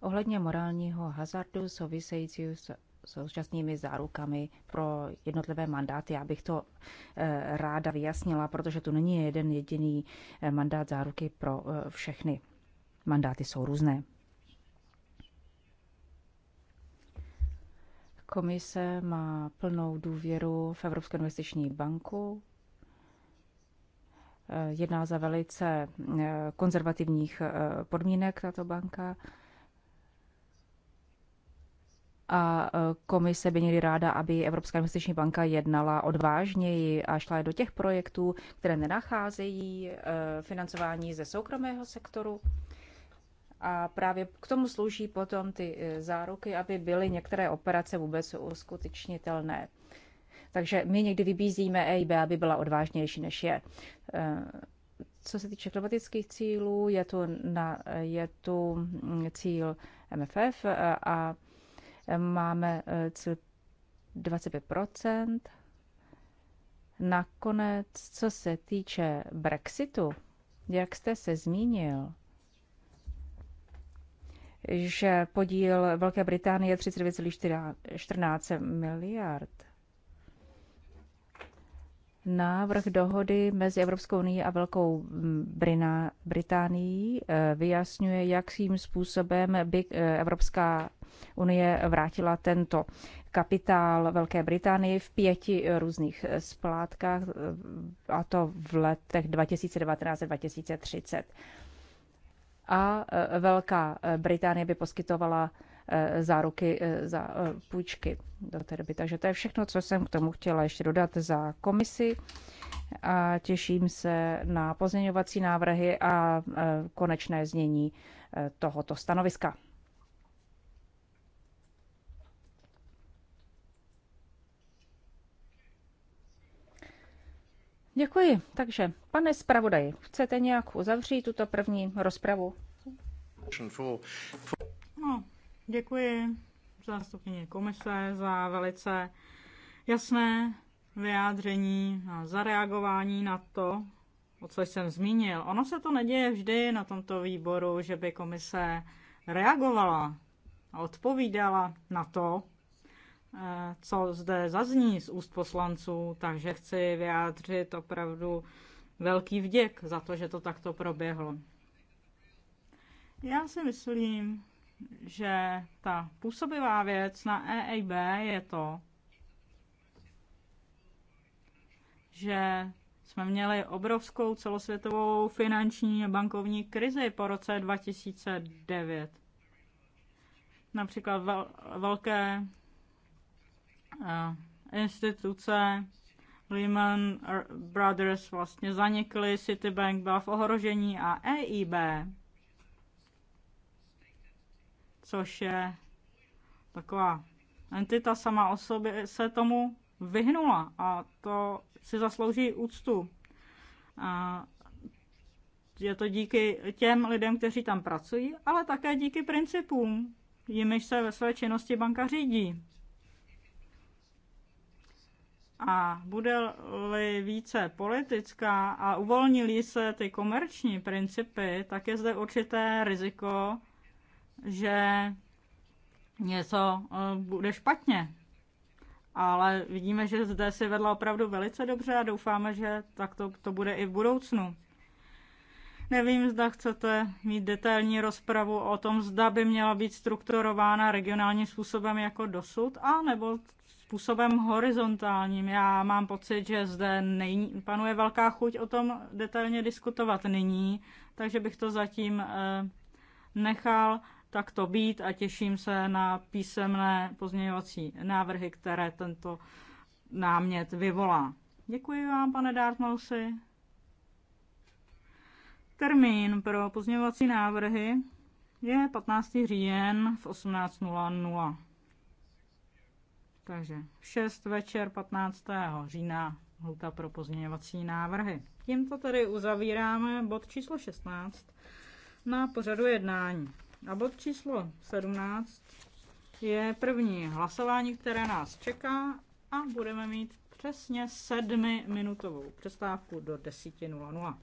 ohledně morálního hazardu souvisejícího s současnými zárukami pro jednotlivé mandáty. Já bych to eh, ráda vyjasnila, protože tu není jeden jediný eh, mandát záruky pro eh, všechny. Mandáty jsou různé. Komise má plnou důvěru v Evropskou investiční banku Eh, jedná za velice eh, konzervativních eh, podmínek tato banka. A komise by měly ráda, aby Evropská investiční banka jednala odvážněji a šla do těch projektů, které nenacházejí financování ze soukromého sektoru. A právě k tomu slouží potom ty záruky, aby byly některé operace vůbec uskutečnitelné. Takže my někdy vybízíme EIB, aby byla odvážnější, než je. Eh, co se týče klimatických cílů, je tu, na, je tu mm, cíl MFF eh, a máme eh, cíl 25 Nakonec, co se týče Brexitu, jak jste se zmínil, že podíl Velké Británie je 39,14 miliard návrh dohody mezi Evropskou unii a Velkou Británií eh, vyjasňuje, jakým způsobem by eh, Evropská unie vrátila tento kapitál Velké Británii v pěti eh, různých splátkách, a to v letech 2019 a 2030. A Velká Británie by poskytovala Eh, záruky eh, za eh, půjčky do té doby. Takže to je všechno, co jsem k tomu chtěla ještě dodat za komisi a těším se na pozměňovací návrhy a konečné znění tohoto stanoviska. Děkuji. Takže, pane zpravodaji, chcete nějak uzavřít tuto první rozpravu? No, Děkuji zástupně komise za velice jasné vyjádření a zareagování na to, o co jsem zmínil. Ono se to neděje vždy na tomto výboru, že by komise reagovala a odpovídala na to, eh, co zde zazní z úst poslanců, takže chci vyjádřit opravdu velký vděk za to, že to takto proběhlo. Já si myslím, že ta působivá věc na EIB je to, že jsme měli obrovskou celosvětovou finanční a bankovní krizi po roce 2009. Například vel, velké uh, instituce Lehman Brothers vlastně zanikly, Citibank byla v ohrožení a EIB což je taková entita sama o sobě, se tomu vyhnula a to si zaslouží úctu. A je to díky těm lidem, kteří tam pracují, ale také díky principům, jimiž se ve své činnosti banka řídí. A bude-li více politická a uvolní se ty komerční principy, tak je zde určité riziko že něco eh, bude špatně. Ale vidíme, že zde si vedla opravdu velice dobře a doufáme, že tak to, to bude i v budoucnu. Nevím, zda chcete mít detailní rozpravu o tom, zda by měla být strukturována regionálním způsobem jako dosud, a nebo způsobem horizontálním. Já mám pocit, že zde nej, panuje velká chuť o tom detailně diskutovat nyní, takže bych to zatím eh, nechal tak to být a těším se na písemné pozměňovací návrhy, které tento námět vyvolá. Děkuji vám, pane Dartmousy. Termín pro pozměňovací návrhy je 15. říjen v 18.00. Takže 6 večer 15. října hluta pro pozměňovací návrhy. Tímto tedy uzavíráme bod číslo 16 na pořadu jednání. A bod číslo 17 je první hlasování, které nás čeká a budeme mít přesně sedmiminutovou přestávku do 10.00.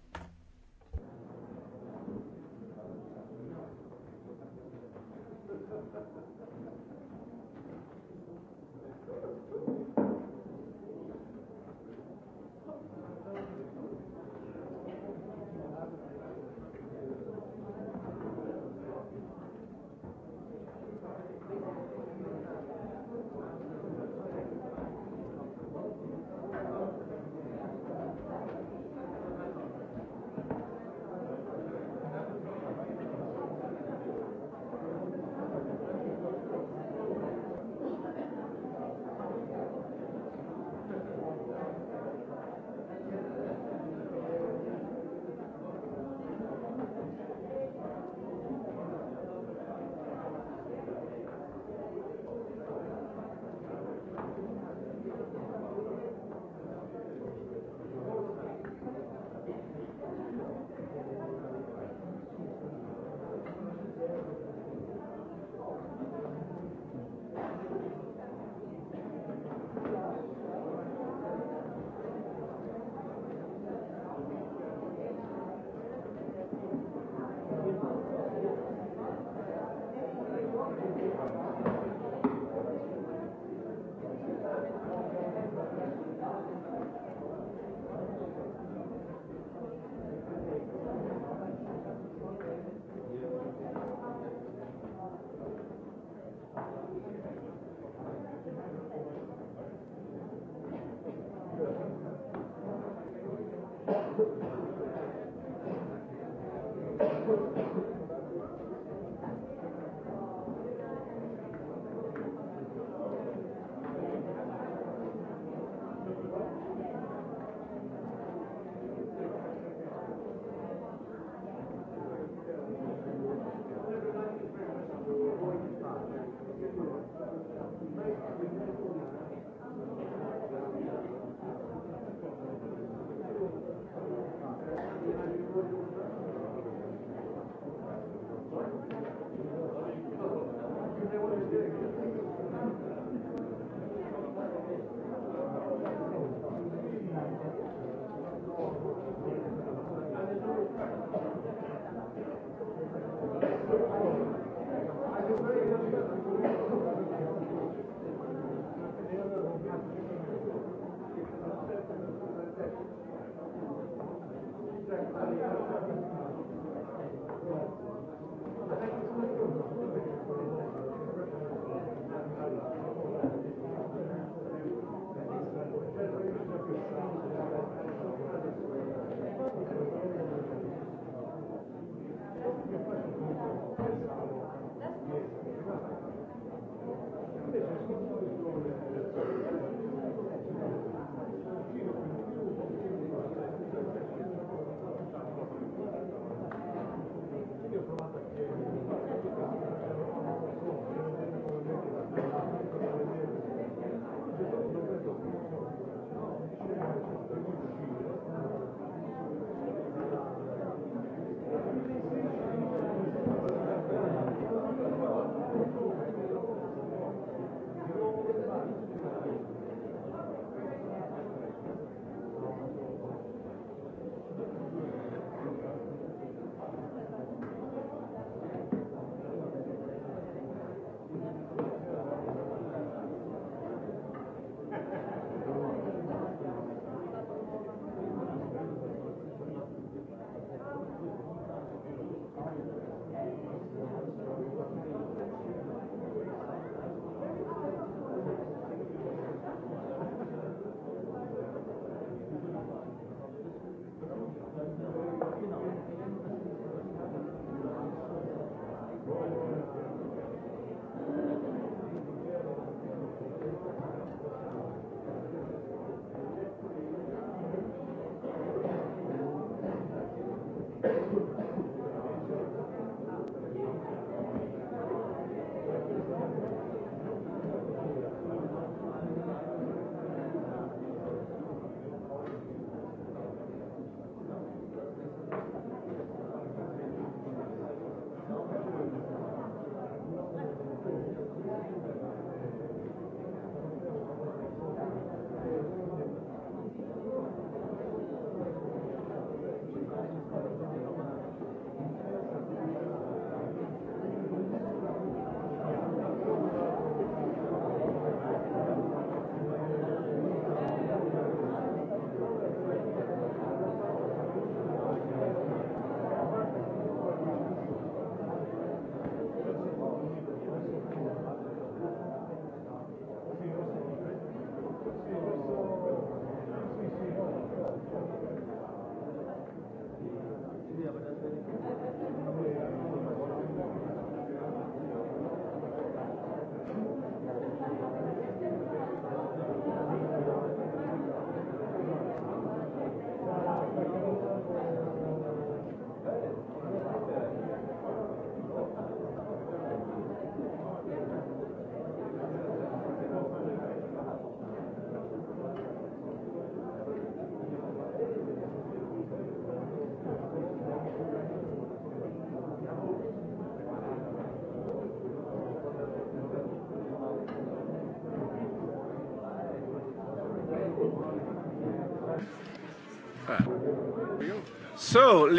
So,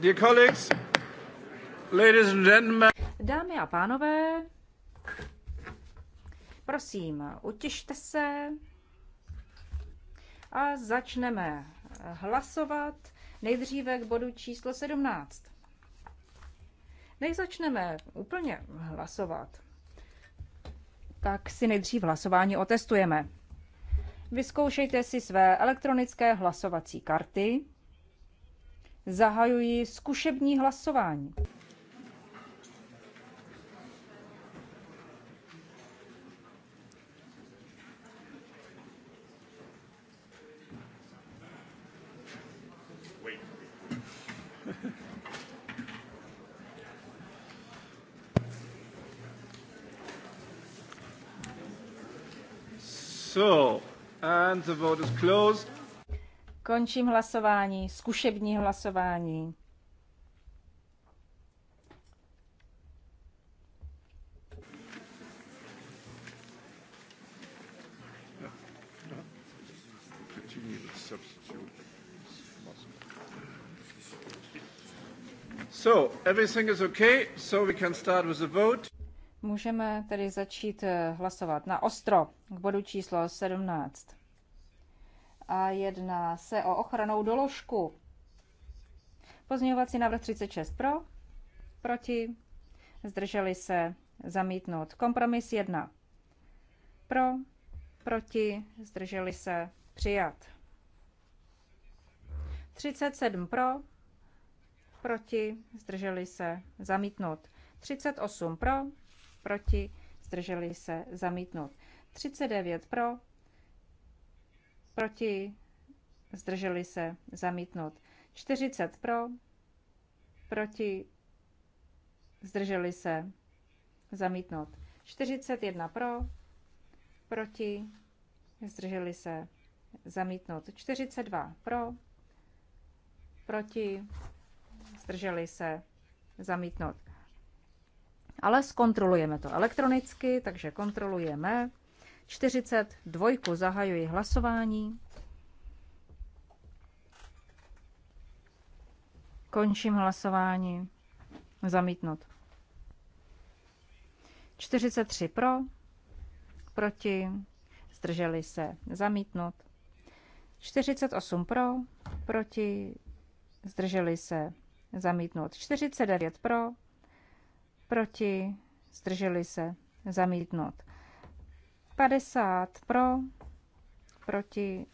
dear colleagues, ladies and gentlemen. Dámy a pánové, prosím, utište se a začneme hlasovat nejdříve k bodu číslo 17. Než začneme úplně hlasovat, tak si nejdřív hlasování otestujeme. Vyzkoušejte si své elektronické hlasovací karty. Zahajuji zkušební hlasování. So, and the vote is closed. Končím hlasování, zkušební hlasování. So, everything is okay, so we can start with the vote. Můžeme tedy začít eh, hlasovat na ostro k bodu číslo 17 a jedná se o ochranou doložku. Pozměňovací návrh 36 pro, proti, zdrželi se zamítnout. Kompromis 1 pro, proti, zdrželi se přijat. 37 pro, proti, zdrželi se zamítnout. 38 pro, proti, zdrželi se zamítnout. 39 pro, proti, zdrželi se, zamítnout. 40 pro, proti, zdrželi se, zamítnout. 41 pro, proti, zdrželi se, zamítnout. 42 pro, proti, zdrželi se, zamítnout. Ale zkontrolujeme to elektronicky, takže kontrolujeme. 42. Zahajuji hlasování. Končím hlasování. Zamítnut. 43 pro, proti, zdrželi se, zamítnut. 48 pro, proti, zdrželi se, zamítnut. 49 pro, proti, zdrželi se, zamítnut. 50 pro, proti,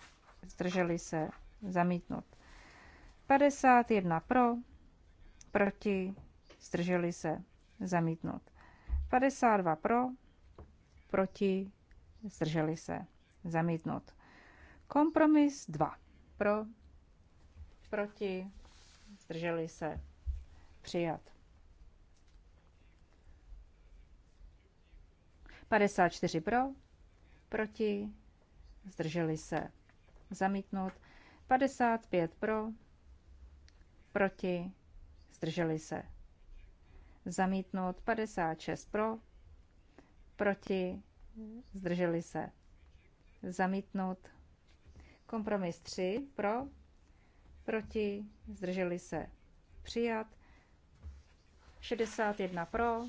zdrželi se, zamítnout. 51 pro, proti, zdrželi se, zamítnout. 52 pro, proti, zdrželi se, zamítnout. Kompromis 2 pro, proti, zdrželi se, přijat. 54 pro, proti, zdrželi se zamítnout, 55 pro, proti, zdrželi se zamítnout, 56 pro, proti, zdrželi se zamítnout, kompromis 3 pro, proti, zdrželi se přijat, 61 pro,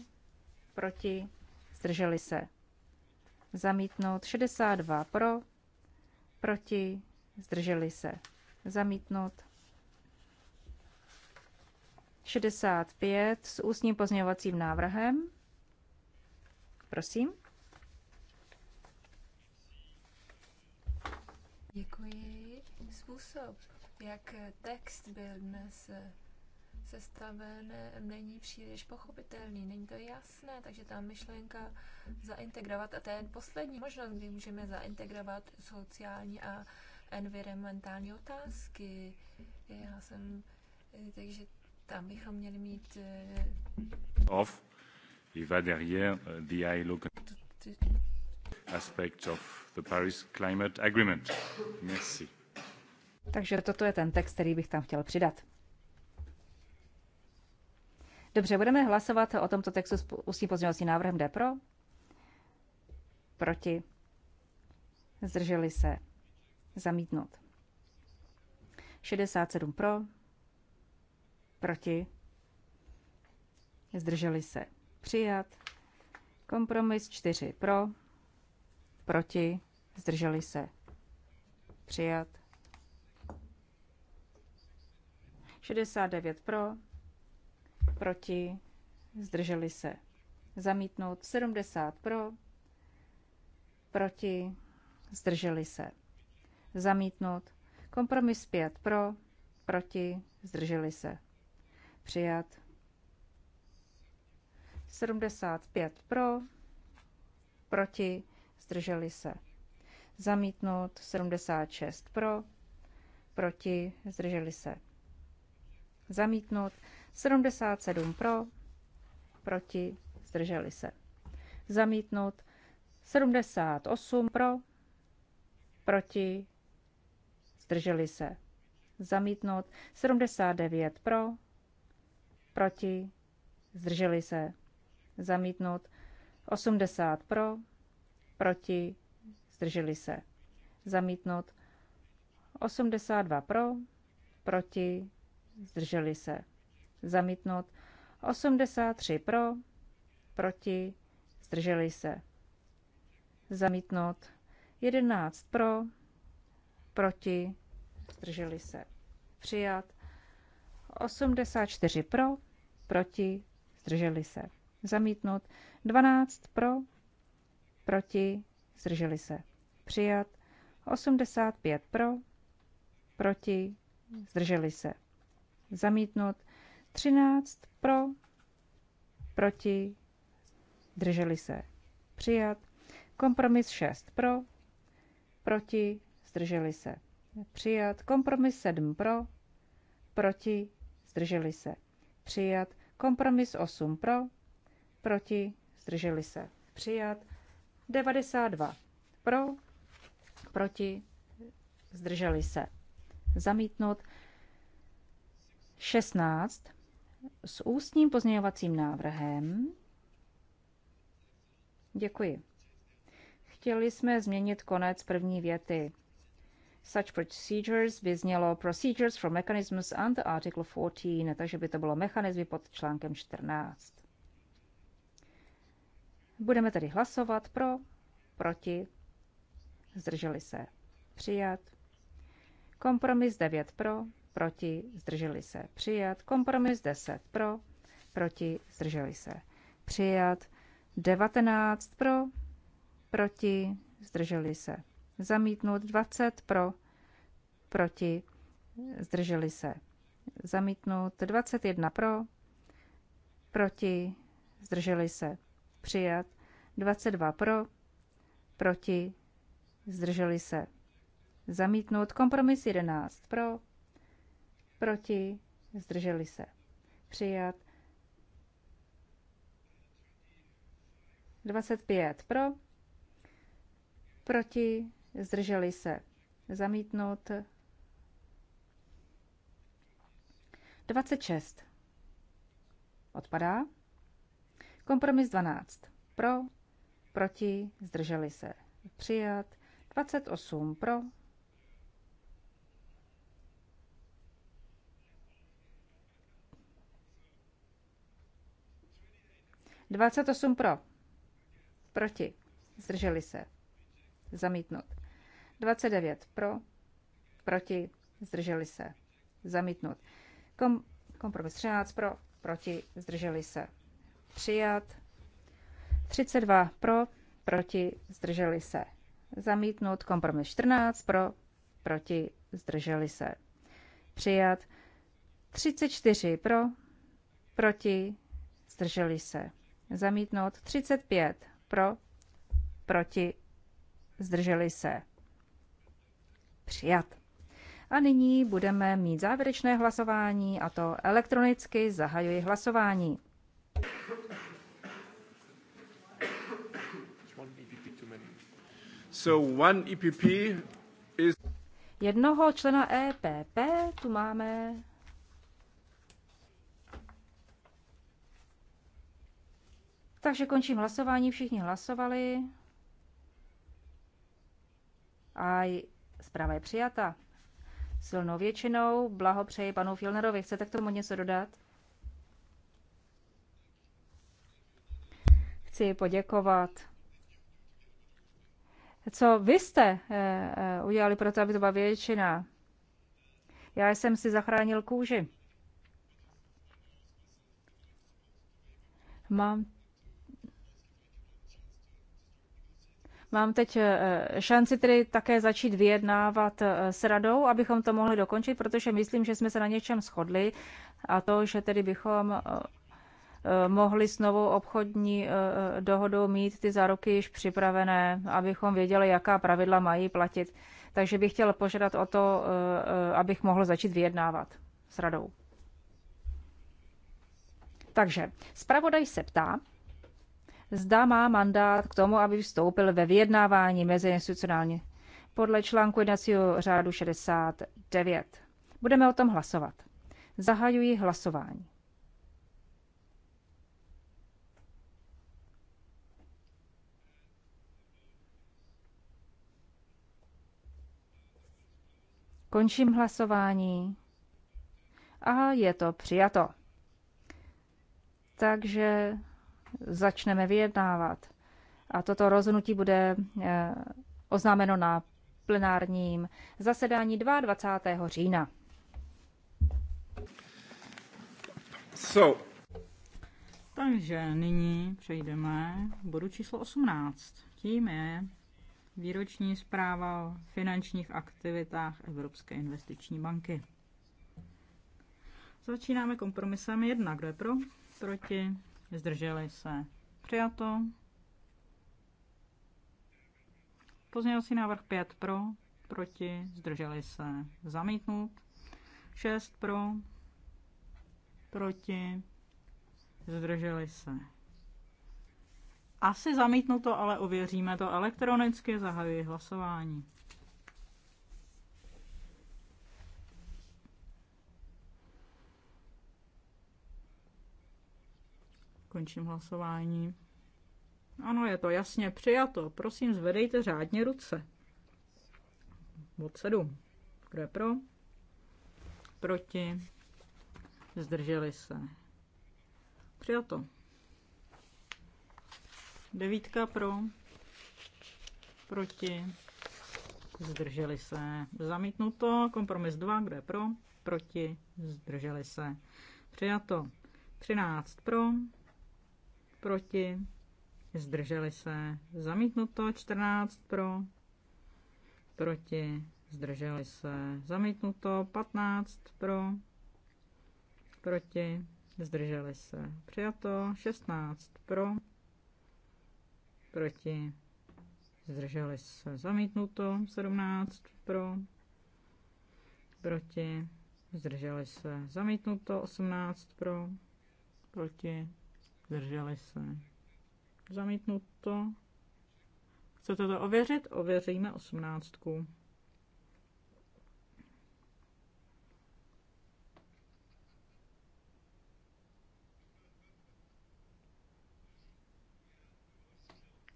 proti, zdrželi se zamítnout 62 pro, proti, zdrželi se, zamítnout 65 s ústním pozměňovacím návrhem. Prosím. Děkuji. Způsob, jak text byl dnes sestaven není příliš pochopitelný, není to jasné, takže ta myšlenka zaintegrovat a to je poslední možnost, kdy můžeme zaintegrovat sociální a environmentální otázky. Já jsem, takže tam bychom měli mít... Eh, Off, il va derrière eh, the ILO aspect of the Paris Climate Agreement. Merci. Takže toto je ten text, který bych tam chtěl přidat. Dobře, budeme hlasovat o tomto textu s ústním pozměňovacím návrhem. D pro? Proti? Zdrželi se? Zamítnout. 67 pro? Proti? Zdrželi se? Přijat. Kompromis 4 pro? Proti? Zdrželi se? Přijat. 69 pro? proti, zdrželi se. Zamítnout 70 pro, proti, zdrželi se. Zamítnout kompromis 5 pro, proti, zdrželi se. Přijat 75 pro, proti, zdrželi se. Zamítnout 76 pro, proti, zdrželi se. Zamítnout 77 pro, proti, zdrželi se. Zamítnout 78 pro, proti, zdrželi se. Zamítnout 79 pro, proti, zdrželi se. Zamítnout 80 pro, proti, zdrželi se. Zamítnout 82 pro, proti, zdrželi se zamítnut. 83 pro, proti, zdrželi se. Zamítnout. 11 pro, proti, zdrželi se. Přijat. 84 pro, proti, zdrželi se. Zamítnout. 12 pro, proti, zdrželi se. Přijat. 85 pro, proti, zdrželi se. Zamítnout. 13 pro, proti, zdrželi se, přijat. Kompromis 6 pro, proti, zdrželi se, přijat. Kompromis 7 pro, proti, zdrželi se, přijat. Kompromis 8 pro, proti, zdrželi se, přijat. 92 pro, proti, zdrželi se, zamítnout. 16 s ústním pozměňovacím návrhem. Děkuji. Chtěli jsme změnit konec první věty. Such procedures by znělo Procedures for Mechanisms under Article 14, takže by to bylo mechanizmy pod článkem 14. Budeme tedy hlasovat pro, proti, zdrželi se, přijat. Kompromis 9 pro, proti, zdrželi se, přijat. Kompromis 10 pro, proti, zdrželi se, přijat. 19 pro, proti, zdrželi se, zamítnout. 20 pro, proti, zdrželi se, zamítnout. 21 pro, proti, zdrželi se, přijat. 22 pro, proti, zdrželi se, zamítnout. Kompromis 11 pro, proti, zdrželi se. Přijat 25 pro, proti, zdrželi se. Zamítnout 26 odpadá. Kompromis 12 pro, proti, zdrželi se. Přijat 28 pro, 28 pro. Proti. Zdrželi se. Zamítnut. 29 pro. Proti. Zdrželi se. Zamítnut. Kom- kompromis 13 pro. Proti. Zdrželi se. Přijat. 32 pro. Proti. Zdrželi se. Zamítnut. Kompromis 14 pro. Proti. Zdrželi se. Přijat. 34 pro. Proti. Zdrželi se zamítnout 35 pro, proti, zdrželi se. Přijat. A nyní budeme mít závěrečné hlasování a to elektronicky zahajuji hlasování. So one EPP is... Jednoho člena EPP tu máme Takže končím hlasování, všichni hlasovali. A zpráva je přijata. Silnou většinou blahopřeji panu Filnerovi. Chcete k tomu něco dodat? Chci poděkovat. Co vy jste eh, eh, udělali pro to, aby to byla většina? Já jsem si zachránil kůži. Mám Mám teď eh, eh, šanci tedy také začít vyjednávat eh, s radou, abychom to mohli dokončit, protože myslím, že jsme se na něčem shodli a to, že tedy bychom mohli s novou obchodní dohodou mít ty záruky již připravené, abychom věděli, jaká pravidla mají platit. Takže bych chtěl požádat o to, abych mohl začít vyjednávat s radou. Takže zpravodaj se ptá, zda má mandát k tomu, aby vstoupil ve vyjednávání meziinstitucionálně podle článku jednacího řádu 69. Budeme o tom hlasovat. Zahajuji hlasování. Končím hlasování. A je to přijato. Takže začneme vyjednávat. A toto rozhodnutí bude eh, oznámeno na plenárním zasedání 22. října. So. Takže nyní přejdeme k bodu číslo 18. Tím je výroční zpráva o finančních aktivitách Evropské investiční banky. Začínáme kompromisem Jedna, Kdo je pro? Proti? Zdrželi se. Přijato. Pozměňovací návrh 5 pro, proti, zdrželi se. Zamítnut. 6 pro, proti, zdrželi se. Asi zamítnuto, ale ověříme to elektronicky, zahajuji hlasování. Končím hlasování. Ano, je to jasně přijato. Prosím, zvedejte řádně ruce. Bod 7. Kdo je pro? Proti? Zdrželi se. Přijato. Devítka pro. Proti? Zdrželi se. Zamítnuto. Kompromis 2. Kdo je pro? Proti? Zdrželi se. Přijato. 13 pro proti, zdrželi se, zamítnuto 14 pro, proti, zdrželi se, zamítnuto 15 pro, proti, zdrželi se, přijato 16 pro, proti, zdrželi se, zamítnuto 17 pro, proti, zdrželi se, zamítnuto 18 pro, proti, Zdrželi se. to Chcete to ověřit? Ověříme osmnáctku.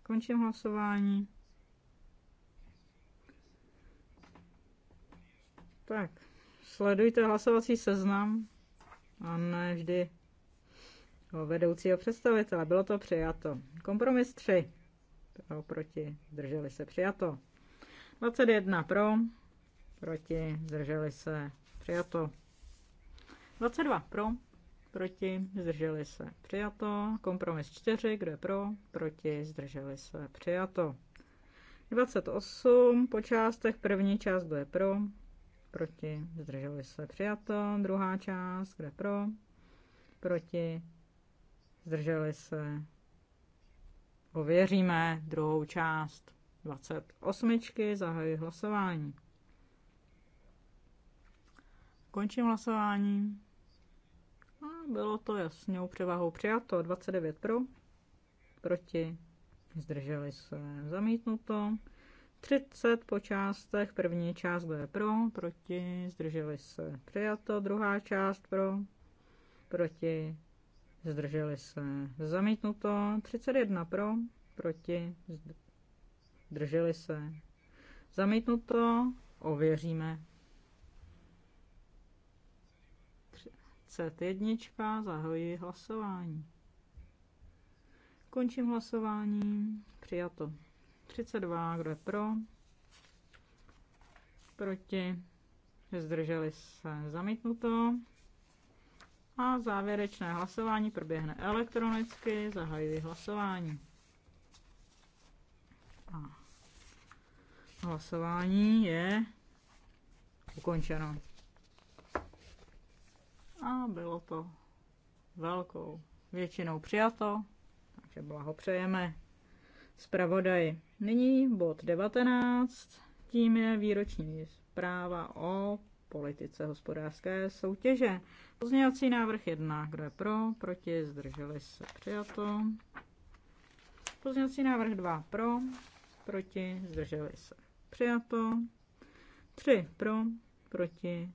Končím hlasování. Tak, sledujte hlasovací seznam a ne vždy vedoucího představitele. Bylo to přijato. Kompromis 3. Pro, proti, zdrželi se přijato. 21 pro, proti, zdrželi se přijato. 22 pro, proti, zdrželi se přijato. Kompromis 4, kdo je pro, proti, zdrželi se přijato. 28 po částech, první část, kdo je pro, proti, zdrželi se přijato. Druhá část, kdo je pro, proti, zdrželi se. Ověříme druhou část 28. Zahajuji hlasování. Končím hlasování. A bylo to jasnou převahou přijato. 29 pro, proti, zdrželi se, zamítnuto. 30 po částech, první část bude pro, proti, zdrželi se, přijato, druhá část pro, proti, zdrželi se. Zamítnuto 31 pro, proti, zdrželi se. Zamítnuto, ověříme. C1, zahojí hlasování. Končím hlasování. Přijato. 32, kdo je pro? Proti. Zdrželi se. Zamítnuto. A závěrečné hlasování proběhne elektronicky. Zahajuji hlasování. A hlasování je ukončeno. A bylo to velkou většinou přijato, takže blahopřejeme zpravodaji. Nyní bod 19, tím je výroční zpráva o politice hospodářské soutěže. Pozměňovací návrh 1. Kdo je pro? Proti? Zdrželi se? Přijato. Pozměňovací návrh 2. Pro? Proti? Zdrželi se? Přijato. 3. Pro? Proti?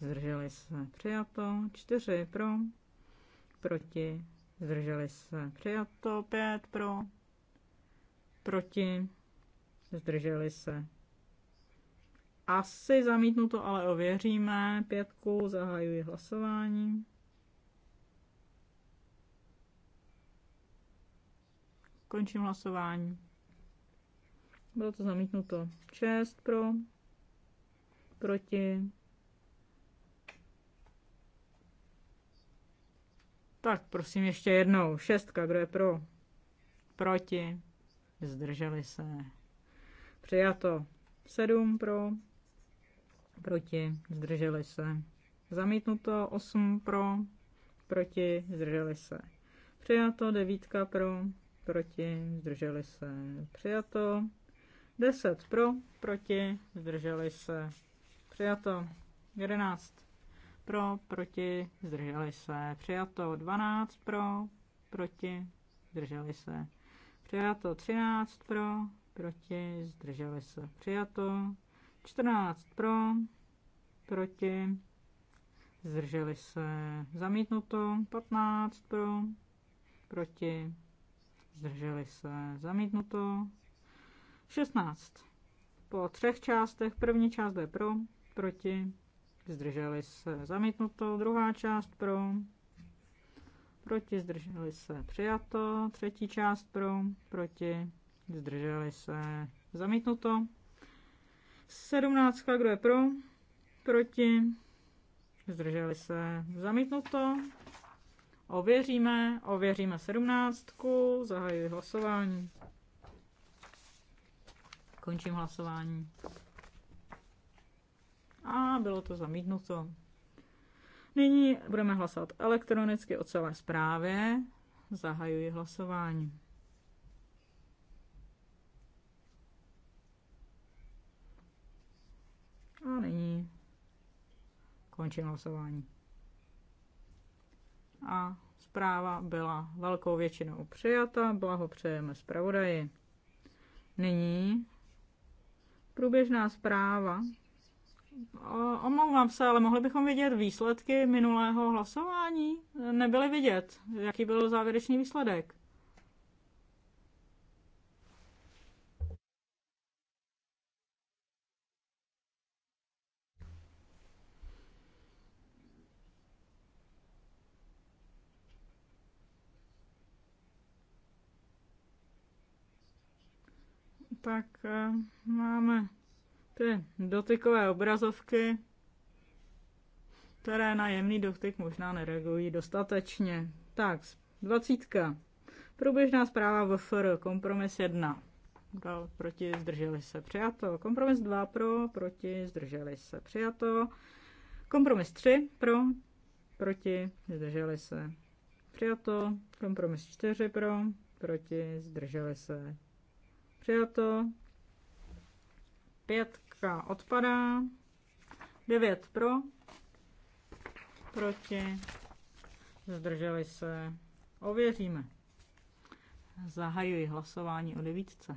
Zdrželi se? Přijato. 4. Pro? Proti? Zdrželi se? Přijato. 5. Pro? Proti? Zdrželi se? asi to, ale ověříme. Pětku, zahajuji hlasování. Končím hlasování. Bylo to zamítnuto. 6 pro, proti. Tak, prosím ještě jednou. Šestka, kdo je pro? Proti. Zdrželi se. Přijato. Sedm pro, proti, zdrželi se. Zamítnuto 8 pro, proti, zdrželi se. Přijato 9 pro, proti, zdrželi se. Přijato 10 pro, proti, zdrželi se. Přijato 11 pro, proti, zdrželi se. Přijato 12 pro, proti, zdrželi se. Přijato 13 pro, proti, zdrželi se. Přijato 14 pro, proti, zdrželi se, zamítnuto, 15 pro, proti, zdrželi se, zamítnuto, 16. Po třech částech, první část je pro, proti, zdrželi se, zamítnuto, druhá část pro, proti, zdrželi se, přijato, třetí část pro, proti, zdrželi se, zamítnuto. 17. Kdo je pro? Proti? Zdrželi se. Zamítnuto. Ověříme. Ověříme 17. Zahajuji hlasování. Končím hlasování. A bylo to zamítnuto. Nyní budeme hlasovat elektronicky o celé zprávě. Zahajuji hlasování. A no, nyní končím hlasování. A zpráva byla velkou většinou přijata, blahopřejeme zpravodaji. Nyní průběžná zpráva. omlouvám se, ale mohli bychom vidět výsledky minulého hlasování? Nebyly vidět, jaký byl závěrečný výsledek. Eh, máme ty dotykové obrazovky, které na jemný dotyk možná nereagují dostatečně. Tak, dvacítka. Průběžná zpráva VFR, kompromis 1. Pro, proti zdrželi se přijato. Kompromis 2 pro, proti zdrželi se přijato. Kompromis 3 pro, proti zdrželi se přijato. Kompromis 4 pro, proti zdrželi se přijato. 5 odpadá. 9 pro. Proti. Zdrželi se. Ověříme. Zahajuji hlasování o devítce.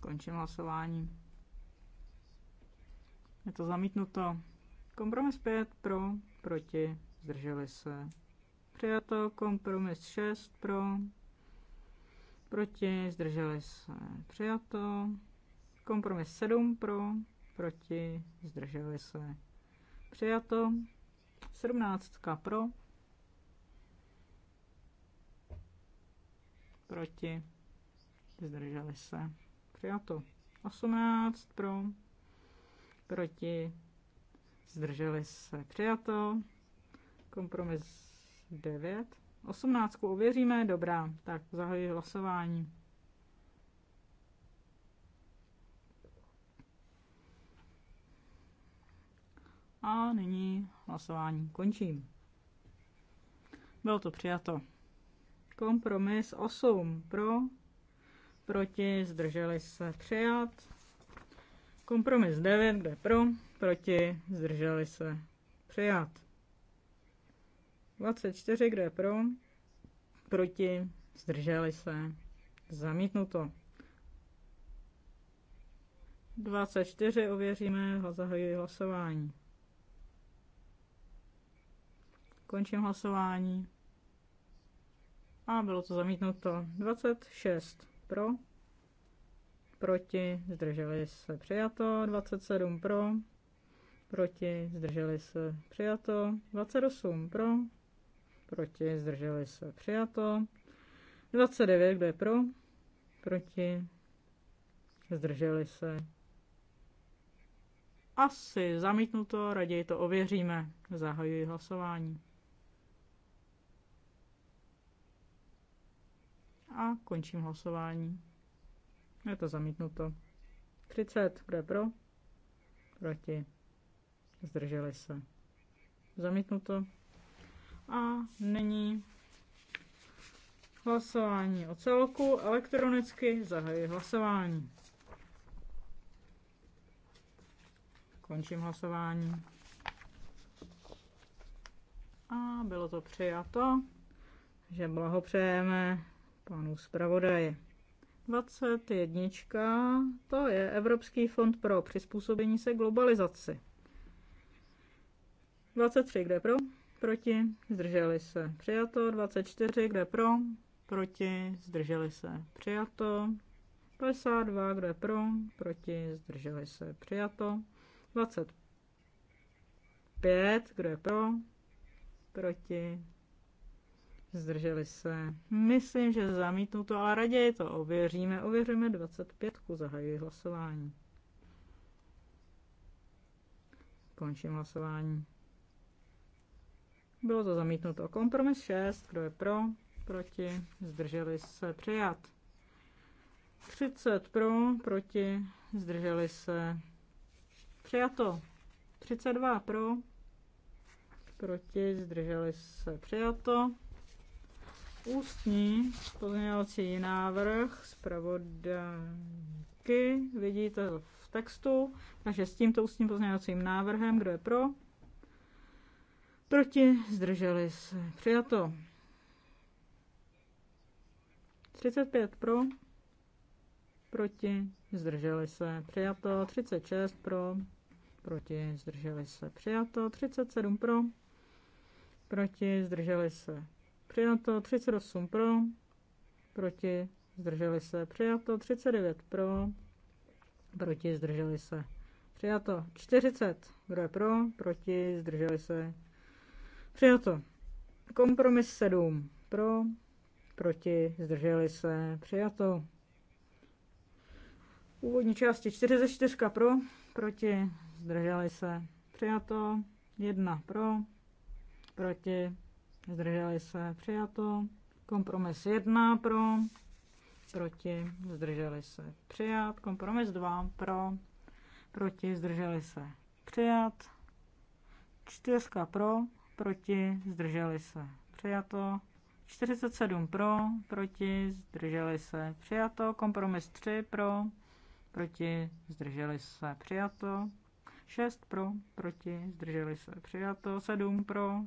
Končím hlasování. Je to zamítnuto. Kompromis 5 pro, proti, zdrželi se. Přijato kompromis 6 pro, proti, zdrželi se. Přijato kompromis 7 pro, proti, zdrželi se. Přijato 17 pro, proti, zdrželi se. Přijato 18 pro, proti, zdrželi se. Přijato Kompromis 9. 18 ověříme, dobrá, tak zahajuji hlasování. A nyní hlasování končím. Bylo to přijato. Kompromis 8 pro, proti, zdrželi se přijat. Kompromis 9, kde pro, proti, zdrželi se přijat. 24, kdo je pro? Proti? Zdrželi se? Zamítnuto. 24 ověříme, zahajuji hlasování. Končím hlasování. A bylo to zamítnuto. 26 pro, proti, zdrželi se přijato. 27 pro, proti, zdrželi se přijato. 28 pro, proti, zdrželi se, přijato. 29, kdo je pro, proti, zdrželi se. Asi zamítnuto, raději to ověříme. Zahajuji hlasování. A končím hlasování. Je to zamítnuto. 30, kdo je pro, proti, zdrželi se. Zamítnuto. A nyní hlasování o celku. Elektronicky zahajuji hlasování. Končím hlasování. A bylo to přijato, že blahopřejeme panu zpravodaji. 21. To je Evropský fond pro přizpůsobení se globalizaci. 23. Kde pro? proti, zdrželi se, přijato. 24, kdo je pro, proti, zdrželi se, přijato. 52, kdo je pro, proti, zdrželi se, přijato. 25, kdo je pro, proti, zdrželi se. Myslím, že zamítnu to, ale raději to ověříme. Ověříme 25, zahajuji hlasování. Končím hlasování. Bylo to zamítnuto. Kompromis 6. Kdo je pro? Proti? Zdrželi se přijat. 30 pro, proti, zdrželi se. Přijato. 32 pro, proti, zdrželi se. Přijato. Ústní pozměňovací návrh zpravodajky vidíte v textu. Takže s tímto ústním pozměňovacím návrhem, kdo je pro, Proti zdrželi se. Přijato. 35 pro. Proti zdrželi se. Přijato. 36 pro. Proti zdrželi se. Přijato. 37 pro. Proti zdrželi se. Přijato. 38 pro. Proti zdrželi se. Přijato. 39 pro. Proti zdrželi se. Přijato 40. Kdo je pro? Proti? Zdrželi se? Přijato. Kompromis 7. Pro, proti, zdrželi se. Přijato. Úvodní části 4 ze 4 pro, proti, zdrželi se. Přijato. 1 pro, proti, zdrželi se. Přijato. Kompromis 1 pro, proti, zdrželi se. Přijat. Kompromis 2 pro, proti, zdrželi se. Přijat. 4 pro, proti, zdrželi se, přijato. 47 pro, proti, zdrželi se, přijato. Kompromis 3 pro, proti, zdrželi se, přijato. 6 pro, proti, zdrželi se, přijato. 7 pro,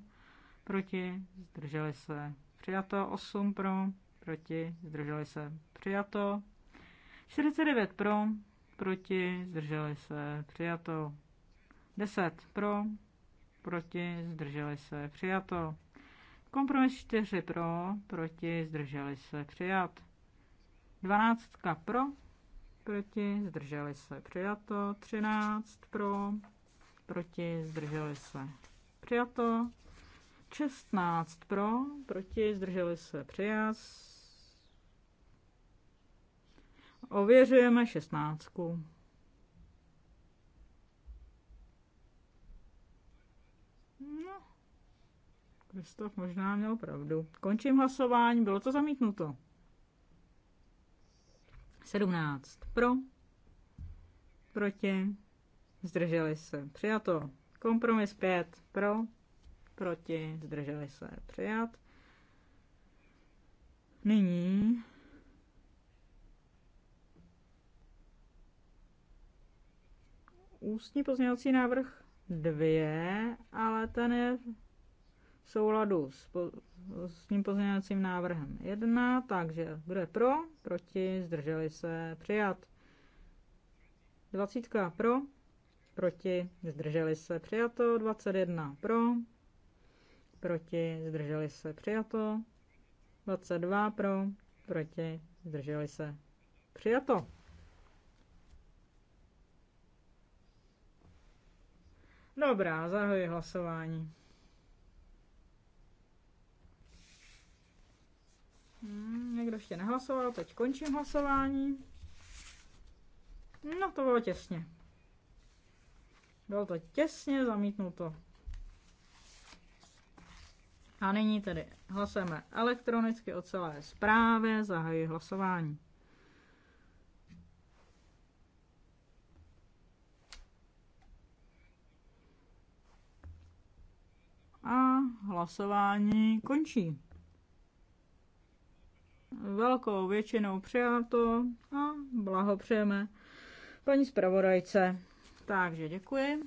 proti, zdrželi se, přijato. 8 pro, proti, zdrželi se, přijato. 49 pro, proti, zdrželi se, přijato. 10 pro, proti, zdrželi se, přijato. Kompromis 4 pro, proti, zdrželi se, přijat. 12 pro, proti, zdrželi se, přijato. 13 pro, proti, zdrželi se, přijato. 16 pro, proti, zdrželi se, přijat. Ověřujeme 16. Kristof možná měl pravdu. Končím hlasování, bylo to zamítnuto. 17 pro, proti, zdrželi se, přijato. Kompromis 5 pro, proti, zdrželi se, přijat. Nyní ústní pozměňovací návrh 2, ale ten je souladu s, po, s tím pozměňovacím návrhem 1, takže bude pro, proti, zdrželi se, přijat. 20 pro, proti, zdrželi se, přijato. 21 pro, proti, zdrželi se, přijato. 22 pro, proti, zdrželi se, přijato. Dobrá, zahajuji hlasování. Hmm, někdo ještě nehlasoval, teď končím hlasování. No to bylo těsně. Bylo to těsně zamítnuto. A nyní tedy hlasujeme elektronicky o celé zprávě, zahajuji hlasování. A hlasování končí velkou většinou přijato a blahopřejeme paní zpravodajce. Takže děkuji.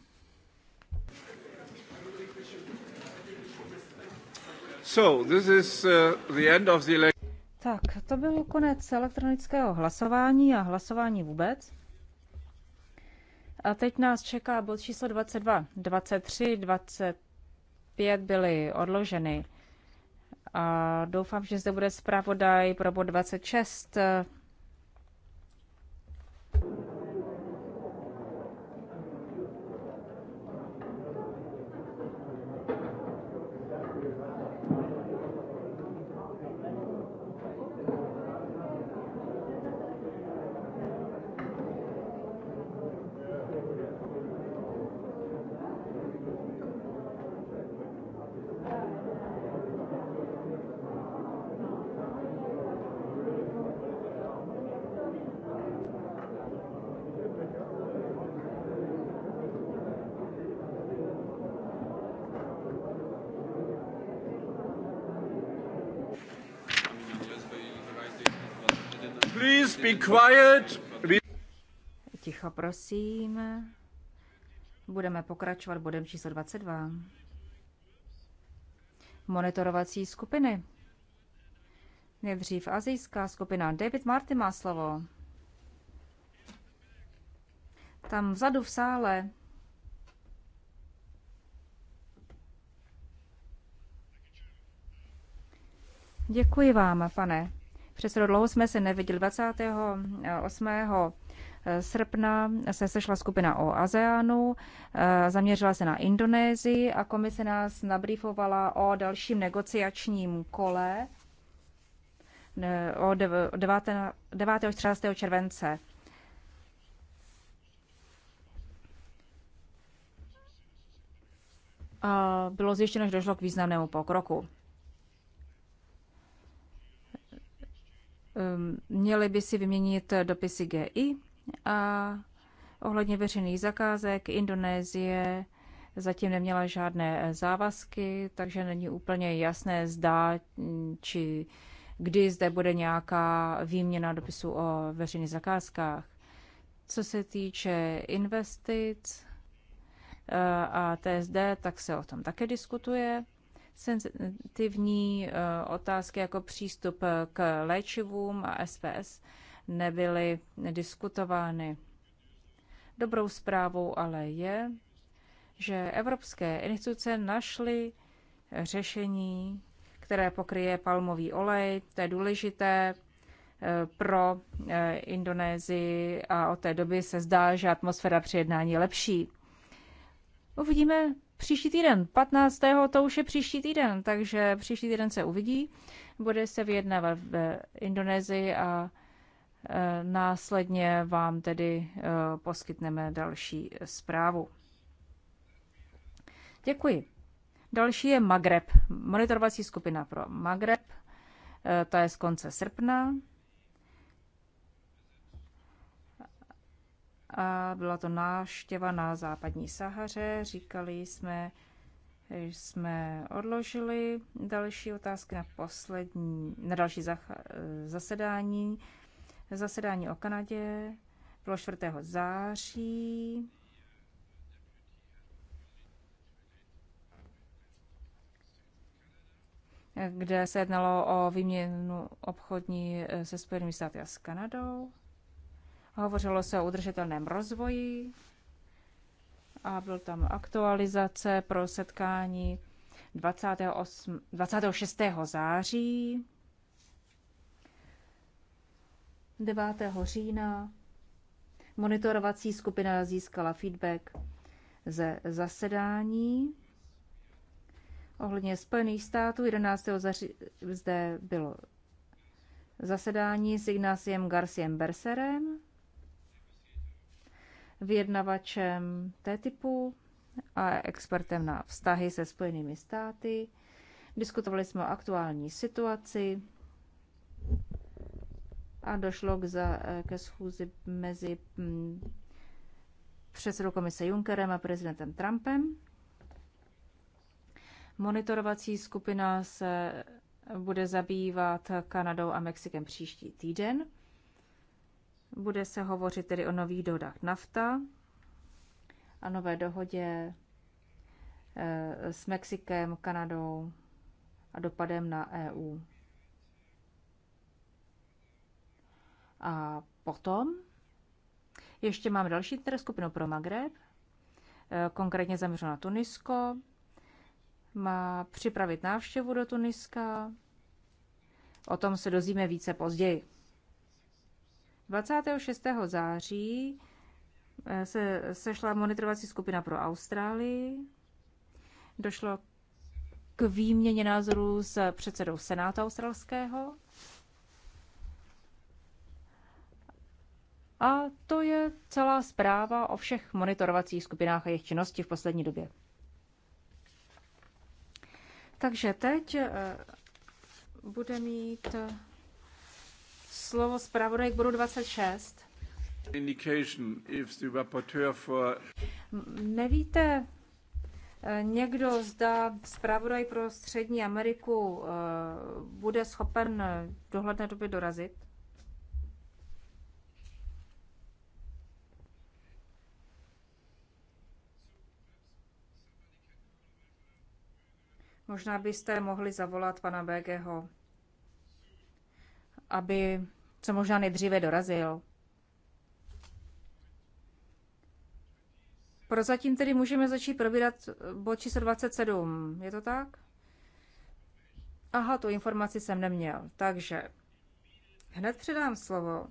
So, this is, uh, the end of the tak, to byl konec elektronického hlasování a hlasování vůbec. A teď nás čeká bod číslo 22, 23, 25 byly odloženy. A doufám, že zde bude zpravodaj pro bod 26 be quiet. Ticho, prosím. Budeme pokračovat bodem číslo 22. Monitorovací skupiny. Nejdřív azijská skupina. David Marty má slovo. Tam vzadu v sále Děkuji vám, pane Přesto dlouho jsme se neviděli. 28. srpna se sešla skupina o ASEANu, eh, zaměřila se na Indonésii a komise nás nabrýfovala o dalším negociačním kole eh, o 9. 9. 13. července. Bylo zjištěno, že došlo k významnému pokroku. Ehm, měli by si vyměnit dopisy GI a ohledně veřejných zakázek Indonésie zatím neměla žádné závazky, takže není úplně jasné, zda hm, či kdy zde bude nějaká výměna dopisů o veřejných zakázkách. Co se týče investic eh, a TSD, tak se o tom také diskutuje senzitivní eh, otázky jako přístup eh, k léčivům a SPS nebyly diskutovány. Dobrou zprávou ale je, že evropské instituce našly řešení, které pokryje palmový olej. To je důležité eh, pro Indonésii a od té doby se zdá, že atmosféra při jednání je lepší. Uvidíme, příští týden. 15. to už je příští týden, takže příští týden se uvidí. Bude se vyjednávat v eh, Indonésii a eh, následně vám tedy eh, poskytneme další zprávu. Děkuji. Další je Magreb, monitorovací skupina pro Magreb. Ta je z konce srpna. a byla to náštěva na západní Sahaře. Říkali jsme, jsme odložili další otázky na poslední, na další eh, zasedání. Zasedání o Kanadě bylo 4. září. kde se jednalo o výměnu obchodní eh, se Spojenými státy a s Kanadou. Hovořilo se o udržitelném rozvoji a byl tam aktualizace pro setkání 28, 26. září, 9. října. Monitorovací skupina získala feedback ze zasedání ohledně Spojených států. 11. září zde bylo zasedání s Ignáciem Garciem Berserem vyjednavačem T-typu a expertem na vztahy se Spojenými státy. Diskutovali jsme o aktuální situaci a došlo k za, ke schůzi mezi mm, předsedou komise Junckerem a prezidentem Trumpem. Monitorovací skupina se bude zabývat Kanadou a Mexikem příští týden. Bude se hovořit tedy o nových dohodách NAFTA a nové dohodě eh, s Mexikem, Kanadou a dopadem na EU. A potom ještě máme další skupinu pro Magreb, eh, konkrétně zaměřenou na Tunisko. Má připravit návštěvu do Tuniska. O tom se dozvíme více později. 26. září eh, se sešla monitorovací skupina pro Austrálii. Došlo k výměně názorů s předsedou Senátu australského. A to je celá zpráva o všech monitorovacích skupinách a jejich činnosti v poslední době. Takže teď eh, bude mít slovo zpravodaj k bodu 26. For... Nevíte, eh, někdo zda zpravodaj pro Střední Ameriku eh, bude schopen eh, v dohledné době dorazit? Možná byste mohli zavolat pana BGho aby co možná nejdříve dorazil. Prozatím tedy můžeme začít probírat bod číslo 27. Je to tak? Aha, tu informaci jsem neměl. Takže hned předám slovo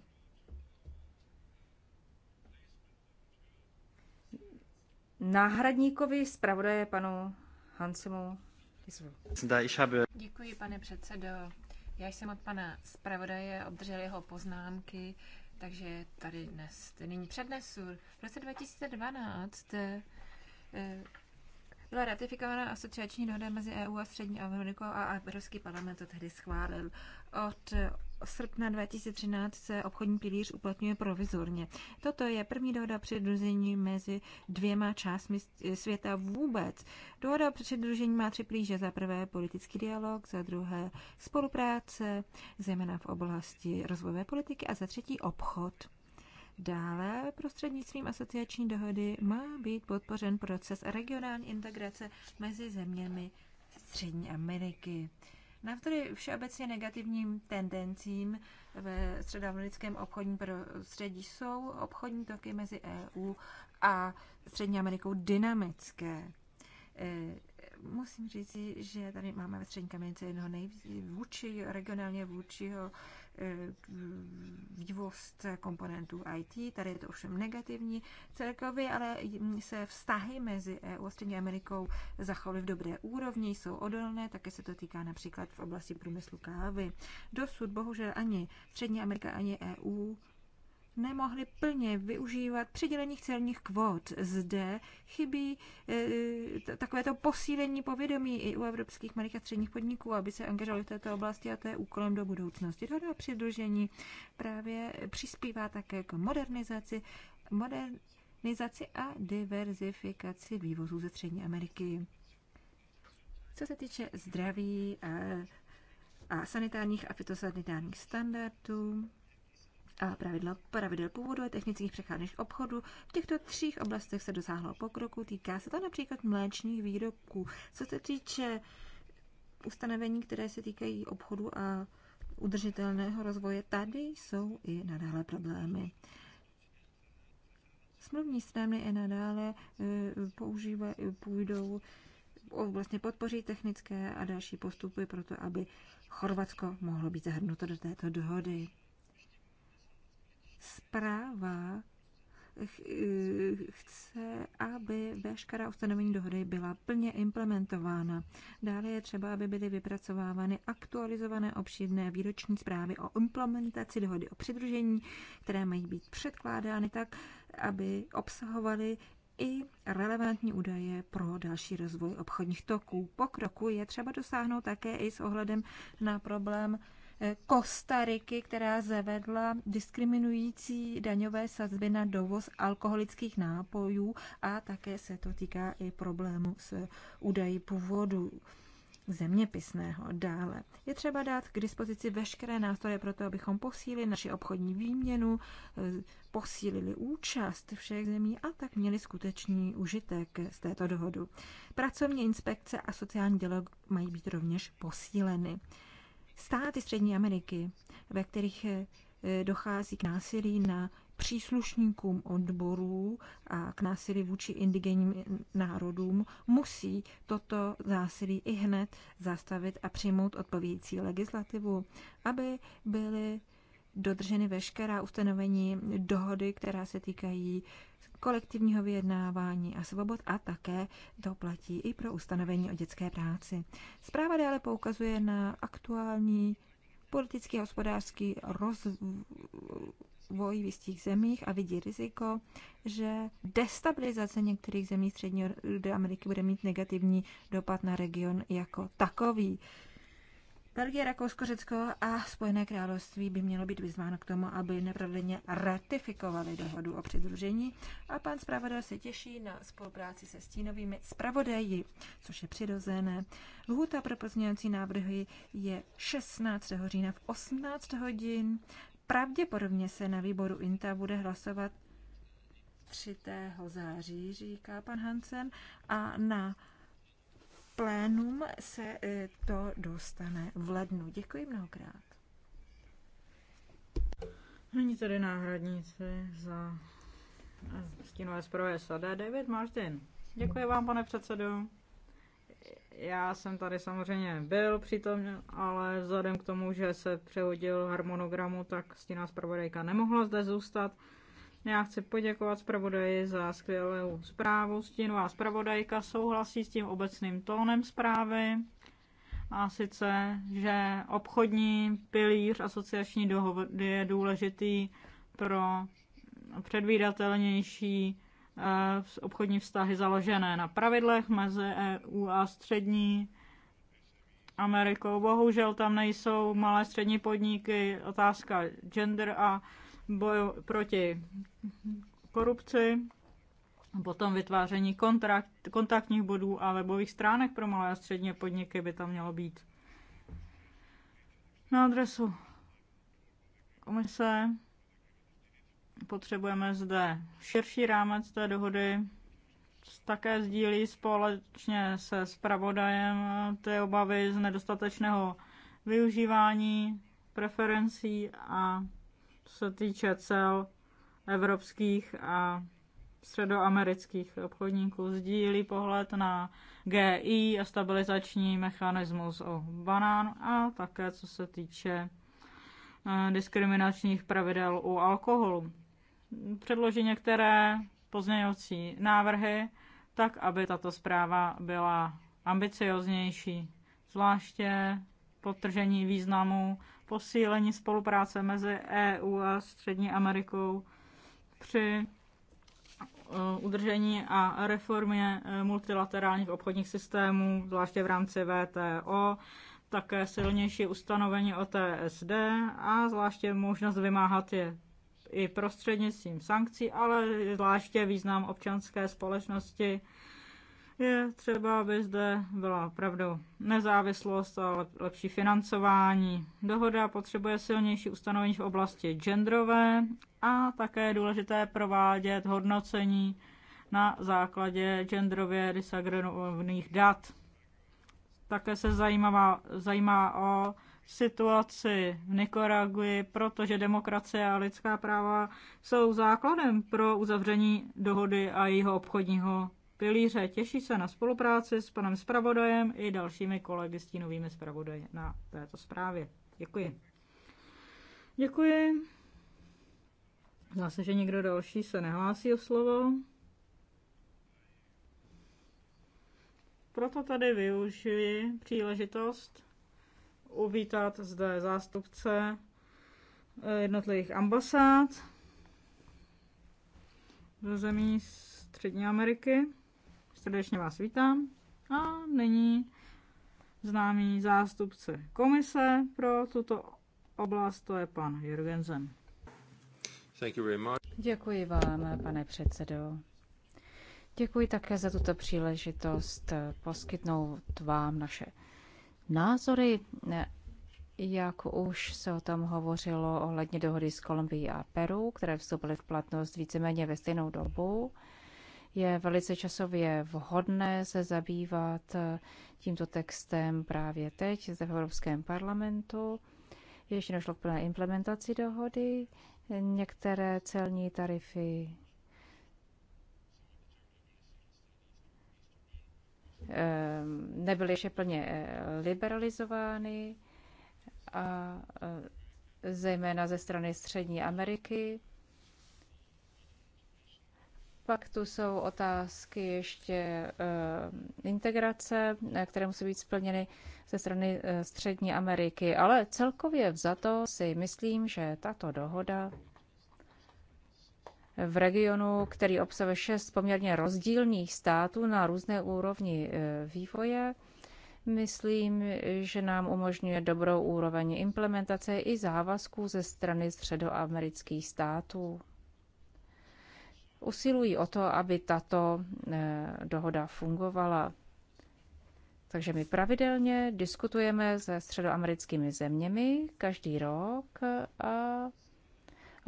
náhradníkovi zpravodaje panu Hansemu. Děkuji, pane předsedo. Já jsem od pana zpravodaje obdržel jeho poznámky, takže tady dnes, nyní přednesu. V roce 2012 eh, byla ratifikována asociační dohoda mezi EU a Střední Amerikou a Evropský parlament to tehdy schválil. Od srpna 2013 se obchodní pilíř uplatňuje provizorně. Toto je první dohoda předružení mezi dvěma částmi světa vůbec. Dohoda předružení má tři pilíře. Za prvé politický dialog, za druhé spolupráce, zejména v oblasti rozvojové politiky a za třetí obchod. Dále prostřednictvím asociační dohody má být podpořen proces regionální integrace mezi zeměmi Střední Ameriky. Navzdory všeobecně negativním tendencím ve středoamerickém obchodním prostředí jsou obchodní toky mezi EU a Střední Amerikou dynamické. E, musím říct, že tady máme ve Střední Americe jednoho nejvůči, regionálně vůčiho Eh, vývoz komponentů IT, tady je to ovšem negativní. Celkově ale se vztahy mezi EU a Střední Amerikou zachovaly v dobré úrovni, jsou odolné, také se to týká například v oblasti průmyslu kávy. Dosud bohužel ani Střední Amerika, ani EU nemohli plně využívat přidělených celních kvót. Zde chybí e, takovéto posílení povědomí i u evropských malých a středních podniků, aby se angažovali v této oblasti a to je úkolem do budoucnosti. Dohoda o přidružení právě přispívá také k modernizaci, modernizaci a diverzifikaci vývozů ze Střední Ameriky. Co se týče zdraví a, a sanitárních a fitosanitárních standardů, a pravidla pravidel původu a technických přechádných obchodů. V těchto třích oblastech se dosáhlo pokroku. Týká se to například mléčních výrobků. Co se týče ustanovení, které se týkají obchodu a udržitelného rozvoje, tady jsou i nadále problémy. Smluvní strany i nadále e, používají, půjdou vlastně podpoří technické a další postupy pro to, aby Chorvatsko mohlo být zahrnuto do této dohody zpráva chce, aby veškerá ustanovení dohody byla plně implementována. Dále je třeba, aby byly vypracovávány aktualizované obšírné výroční zprávy o implementaci dohody o přidružení, které mají být předkládány tak, aby obsahovaly i relevantní údaje pro další rozvoj obchodních toků. Pokroku je třeba dosáhnout také i s ohledem na problém Kostariky, která zavedla diskriminující daňové sazby na dovoz alkoholických nápojů a také se to týká i problému s údají původu zeměpisného dále. Je třeba dát k dispozici veškeré nástroje pro to, abychom posílili naši obchodní výměnu, posílili účast všech zemí a tak měli skutečný užitek z této dohodu. Pracovní inspekce a sociální dialog mají být rovněž posíleny státy Střední Ameriky, ve kterých eh, dochází k násilí na příslušníkům odborů a k násilí vůči indigenním národům, musí toto násilí i hned zastavit a přijmout odpovědící legislativu, aby byly dodrženy veškerá ustanovení dohody, která se týkají kolektivního vyjednávání a svobod a také to platí i pro ustanovení o dětské práci. Zpráva dále poukazuje na aktuální politický a hospodářský rozvoj v jistých zemích a vidí riziko, že destabilizace některých zemí Střední Ameriky bude mít negativní dopad na region jako takový. Belgie, Rakousko, Řecko a Spojené království by mělo být vyzváno k tomu, aby neprodleně ratifikovali dohodu o přidružení a pan zpravodaj se těší na spolupráci se stínovými zpravodaji, což je přirozené. Lhuta pro pozměňovací návrhy je 16. října v 18 hodin. Pravděpodobně se na výboru INTA bude hlasovat 3. září, říká pan Hansen, a na plénum se e, to dostane v lednu. Děkuji mnohokrát. Není tady náhradníci za stínové zprávy SAD David Martin. Děkuji vám, pane předsedu. Já jsem tady samozřejmě byl přitom, ale vzhledem k tomu, že se přehodil harmonogramu, tak stíná zpravodajka nemohla zde zůstat. Já chci poděkovat zpravodaji za skvělou zprávu. Stínová zpravodajka souhlasí s tím obecným tónem zprávy. A sice, že obchodní pilíř asociační dohody je důležitý pro předvídatelnější eh, obchodní vztahy založené na pravidlech mezi EU a střední Amerikou. Bohužel tam nejsou malé střední podniky, otázka gender a boj proti korupci, potom vytváření kontrakt, kontaktních bodů a webových stránek pro malé a střední podniky by tam mělo být. Na adresu komise potřebujeme zde širší rámec té dohody. Také sdílí společně se zpravodajem ty obavy z nedostatečného využívání preferencí a se týče cel evropských a středoamerických obchodníků sdílí pohled na GI a stabilizační mechanismus o banán a také co se týče eh, diskriminačních pravidel u alkoholu. Předloží některé pozměňovací návrhy, tak aby tato zpráva byla ambicioznější, zvláště potržení významu posílení spolupráce mezi EU a Střední Amerikou při eh, udržení a reformě eh, multilaterálních obchodních systémů, zvláště v rámci VTO, také silnější ustanovení o TSD a zvláště možnost vymáhat je i prostřednictvím sankcí, ale zvláště význam občanské společnosti je třeba, aby zde byla opravdu nezávislost a lepší financování. Dohoda potřebuje silnější ustanovení v oblasti genderové a také je důležité provádět hodnocení na základě genderově disagregovaných dat. Také se zajímavá, zajímá o situaci v Nikaraguji protože demokracie a lidská práva jsou základem pro uzavření dohody a jejího obchodního pilíře. Těší se na spolupráci s panem zpravodajem i dalšími kolegy stínovými zpravodaji na této zprávě. Děkuji. Děkuji. Zase, se, že někdo další se nehlásí o slovo. Proto tady využiji příležitost uvítat zde zástupce eh, jednotlivých ambasád do zemí Střední Ameriky. Srdečně vás vítám. A nyní známý zástupce komise pro tuto oblast, to je pan Jürgensen. Děkuji vám, pane předsedo. Děkuji také za tuto příležitost poskytnout vám naše názory. Jak už se o tom hovořilo ohledně dohody s Kolumbií a Peru, které vstoupily v platnost víceméně ve stejnou dobu, je velice časově vhodné se zabývat eh, tímto textem právě teď zde v Evropském parlamentu. Ještě došlo k plné implementaci dohody. Některé celní tarify eh, nebyly ještě plně eh, liberalizovány a zejména ze strany Střední Ameriky. Pak tu jsou otázky ještě eh, integrace, eh, které musí být splněny ze strany eh, Střední Ameriky. Ale celkově vzato si myslím, že tato dohoda v regionu, který obsahuje šest poměrně rozdílných států na různé úrovni vývoje, myslím, že nám umožňuje dobrou úroveň implementace i závazků ze strany středoamerických států usilují o to, aby tato eh, dohoda fungovala. Takže my pravidelně diskutujeme se středoamerickými zeměmi každý rok a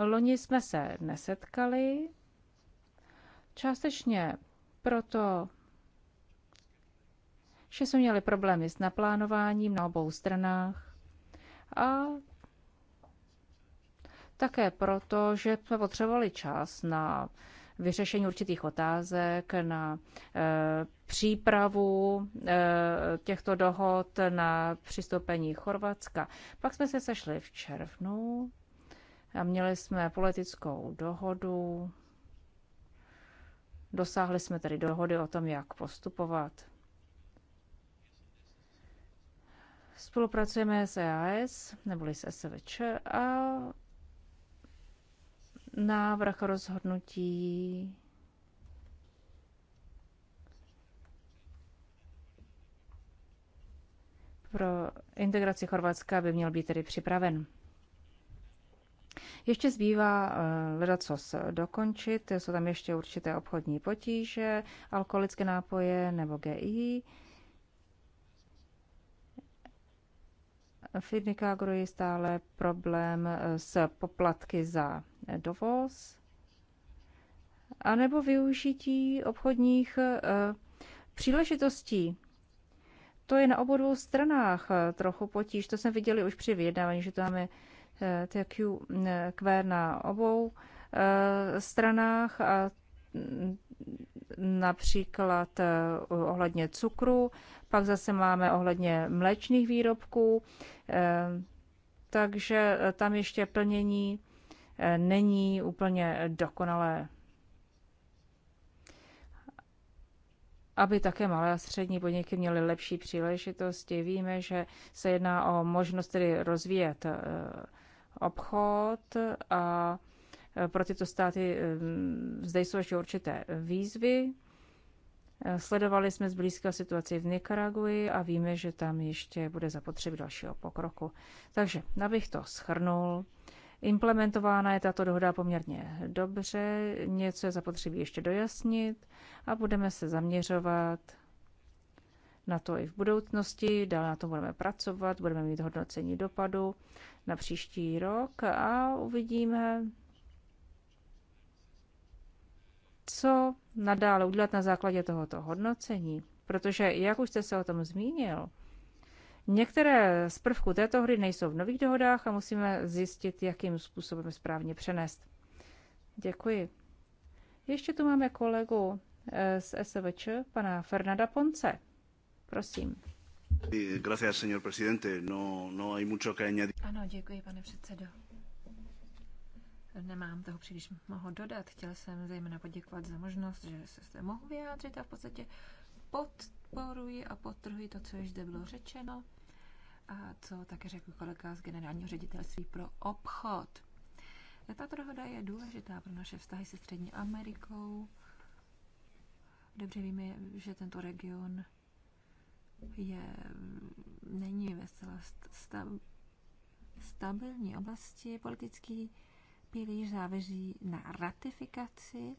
loni jsme se nesetkali. Částečně proto, že jsme měli problémy s naplánováním na obou stranách a také proto, že jsme potřebovali čas na vyřešení určitých otázek, na eh, přípravu eh, těchto dohod, na přistoupení Chorvatska. Pak jsme se sešli v červnu a měli jsme politickou dohodu. Dosáhli jsme tedy dohody o tom, jak postupovat. Spolupracujeme s EAS neboli s SVČ a Návrh rozhodnutí pro integraci Chorvatska by měl být tedy připraven. Ještě zbývá eh, ledacos dokončit, jsou tam ještě určité obchodní potíže, alkoholické nápoje nebo GI. Fidnikagro je stále problém eh, s poplatky za dovoz, anebo využití obchodních eh, příležitostí. To je na obou dvou stranách eh, trochu potíž. To jsme viděli už při vyjednávání, že tam eh, je TQ na obou stranách a mm, například ohledně cukru, pak zase máme ohledně mléčných výrobků, takže tam ještě plnění není úplně dokonalé. aby také malé a střední podniky měly lepší příležitosti. Víme, že se jedná o možnost tedy rozvíjet eh, obchod a eh, pro tyto státy eh, zde jsou ještě určité výzvy. Sledovali jsme zblízka situaci v Nikaraguji a víme, že tam ještě bude zapotřebí dalšího pokroku. Takže, abych to schrnul, Implementována je tato dohoda poměrně dobře, něco je zapotřebí ještě dojasnit a budeme se zaměřovat na to i v budoucnosti, dále na tom budeme pracovat, budeme mít hodnocení dopadu na příští rok a uvidíme, co nadále udělat na základě tohoto hodnocení. Protože, jak už jste se o tom zmínil, Některé z prvků této hry nejsou v nových dohodách a musíme zjistit, jakým způsobem správně přenést. Děkuji. Ještě tu máme kolegu eh, z SVČ, pana Fernanda Ponce. Prosím. Gracias, señor presidente. No, no hay mucho que añadir. Ano, děkuji, pane předsedo. Nemám toho příliš mohu dodat. Chtěl jsem zejména poděkovat za možnost, že se zde mohu vyjádřit a v podstatě podporuji a potrhuji to, co již zde bylo řečeno a co také řekl kolega z Generálního ředitelství pro obchod. Tato dohoda je důležitá pro naše vztahy se Střední Amerikou. Dobře víme, že tento region je, není ve zcela stabilní oblasti. Politický pilíř záleží na ratifikaci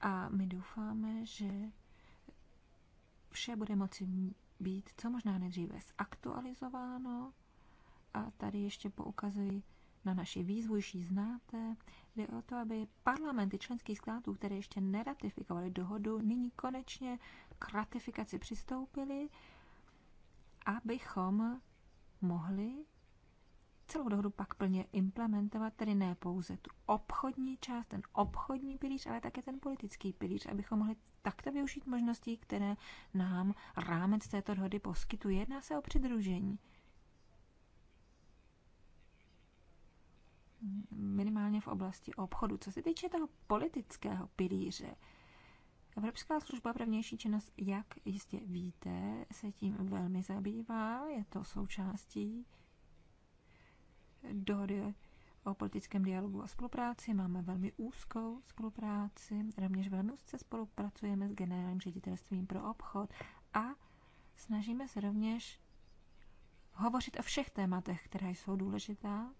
a my doufáme, že vše bude moci být co možná nejdříve zaktualizováno. A tady ještě poukazuji na naši výzvu, již ji znáte. Jde o to, aby parlamenty členských států, které ještě neratifikovaly dohodu, nyní konečně k ratifikaci přistoupily, abychom mohli celou dohodu pak plně implementovat, tedy ne pouze tu obchodní část, ten obchodní pilíř, ale také ten politický pilíř, abychom mohli takto využít možností, které nám rámec této dohody poskytuje. Jedná se o přidružení. Minimálně v oblasti obchodu. Co se týče toho politického pilíře, Evropská služba pro vnější činnost, jak jistě víte, se tím velmi zabývá. Je to součástí dohody o politickém dialogu a spolupráci. Máme velmi úzkou spolupráci, rovněž velmi úzce spolupracujeme s generálním ředitelstvím pro obchod a snažíme se rovněž hovořit o všech tématech, která jsou důležitá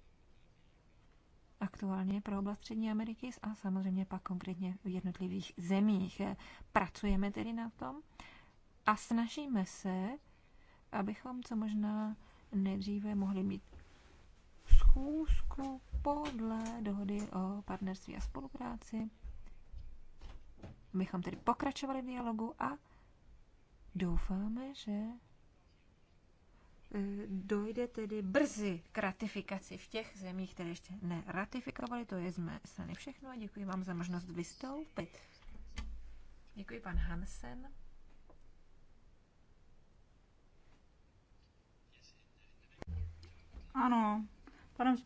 aktuálně pro oblast Střední Ameriky a samozřejmě pak konkrétně v jednotlivých zemích. Pracujeme tedy na tom a snažíme se, abychom co možná nejdříve mohli mít schůzku podle dohody o partnerství a spolupráci. Bychom tedy pokračovali v dialogu a doufáme, že e, dojde tedy brzy k ratifikaci v těch zemích, které ještě neratifikovaly. To je z mé strany všechno a děkuji vám za možnost vystoupit. Děkuji pan Hansen. Ano, Panem,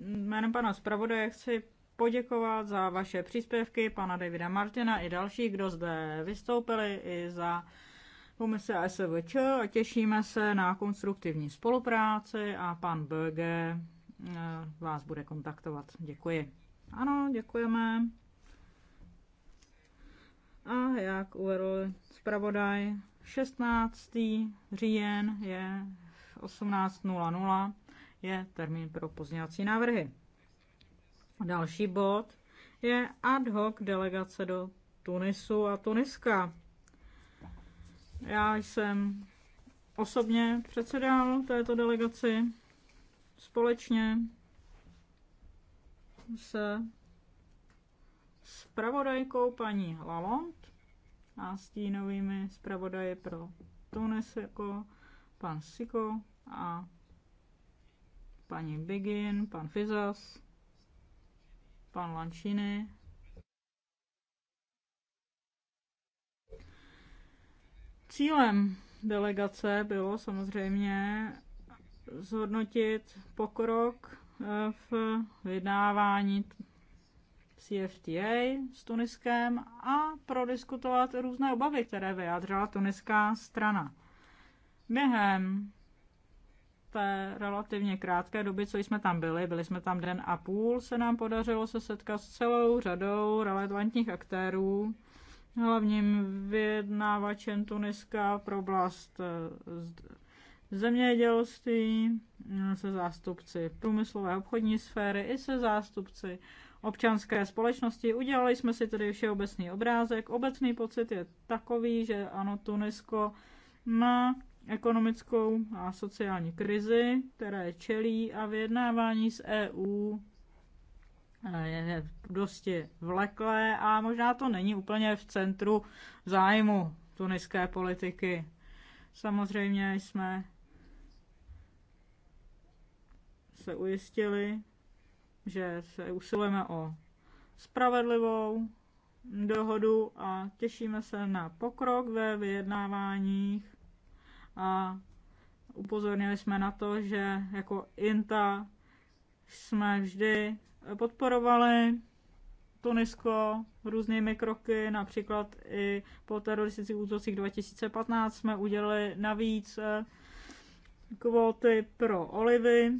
jménem pana zpravodaje chci poděkovat za vaše příspěvky, pana Davida Martina i další, kdo zde vystoupili, i za komise SVČ a těšíme se na konstruktivní spolupráci a pan BG eh, vás bude kontaktovat. Děkuji. Ano, děkujeme. A jak uvedl zpravodaj, 16. říjen je 18.00 je termín pro pozněvací návrhy. Další bod je ad hoc delegace do Tunisu a Tuniska. Já jsem osobně předsedal této delegaci společně s spravodajkou paní Lalond a stínovými zpravodaji pro Tunisko, jako pan Siko a paní Begin, pan Fizas, pan Lančiny. Cílem delegace bylo samozřejmě zhodnotit pokrok eh, v vyjednávání CFTA s Tuniskem a prodiskutovat různé obavy, které vyjádřila tuniská strana. Během té relativně krátké doby, co jsme tam byli, byli jsme tam den a půl, se nám podařilo se setkat s celou řadou relevantních aktérů. Hlavním vyjednávačem Tuniska pro oblast eh, zemědělství, eh, se zástupci průmyslové obchodní sféry i se zástupci občanské společnosti. Udělali jsme si tedy všeobecný obrázek. Obecný pocit je takový, že ano, Tunisko má ekonomickou a sociální krizi, které čelí a vyjednávání s EU eh, je dosti vleklé a možná to není úplně v centru zájmu tuniské politiky. Samozřejmě jsme se ujistili, že se usilujeme o spravedlivou dohodu a těšíme se na pokrok ve vyjednáváních a upozornili jsme na to, že jako INTA jsme vždy podporovali Tunisko různými kroky, například i po teroristických útocích 2015 jsme udělali navíc eh, kvóty pro olivy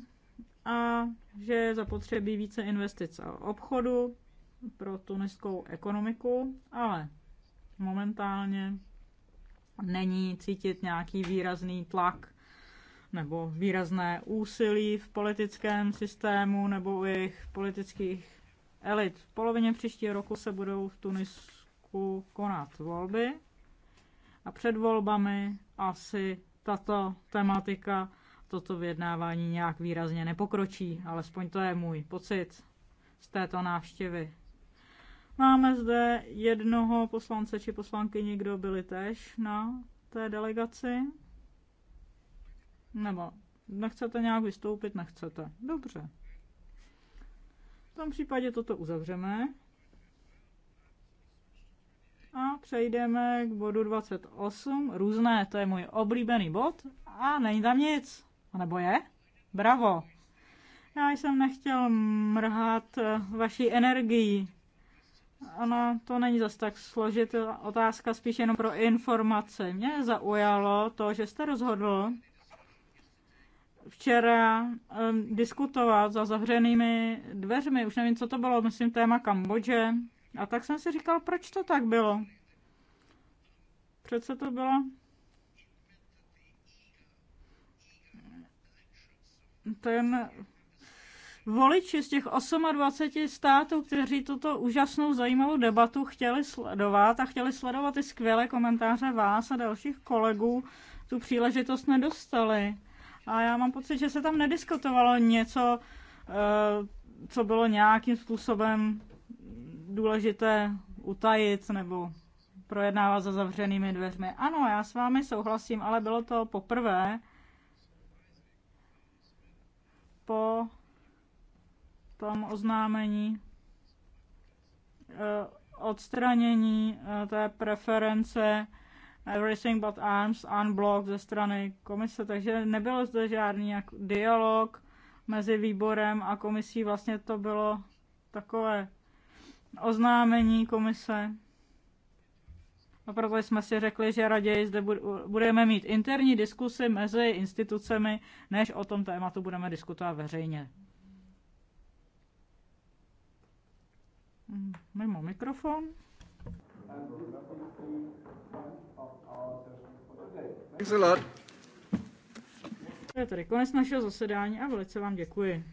a že je zapotřebí více investic a obchodu pro tuniskou ekonomiku, ale momentálně není cítit nějaký výrazný tlak nebo výrazné úsilí v politickém systému nebo u jejich politických elit. V polovině příštího roku se budou v Tunisku konat volby a před volbami asi tato tematika, toto vyjednávání nějak výrazně nepokročí, alespoň to je můj pocit z této návštěvy. Máme zde jednoho poslance či poslankyni, kdo byli tež na té delegaci? Nebo nechcete nějak vystoupit? Nechcete. Dobře. V tom případě toto uzavřeme. A přejdeme k bodu 28. Různé, to je můj oblíbený bod. A není tam nic. A nebo je? Bravo. Já jsem nechtěl mrhat vaší energii. Ano, to není zase tak složitá otázka, spíš jenom pro informace. Mě zaujalo to, že jste rozhodl včera um, diskutovat za zavřenými dveřmi. Už nevím, co to bylo, myslím téma Kambodže. A tak jsem si říkal, proč to tak bylo. Přece to bylo ten voliči z těch 28 států, kteří tuto úžasnou zajímavou debatu chtěli sledovat a chtěli sledovat i skvělé komentáře vás a dalších kolegů, tu příležitost nedostali. A já mám pocit, že se tam nediskutovalo něco, eh, co bylo nějakým způsobem důležité utajit nebo projednávat za zavřenými dveřmi. Ano, já s vámi souhlasím, ale bylo to poprvé po tom oznámení eh, odstranění eh, té preference Everything but Arms Unblocked ze strany komise, takže nebyl zde žádný jak dialog mezi výborem a komisí, vlastně to bylo takové oznámení komise. A proto jsme si řekli, že raději zde budeme mít interní diskusy mezi institucemi, než o tom tématu budeme diskutovat veřejně. Mm, mimo mikrofon. To je tady konec našeho zasedání a velice vám děkuji.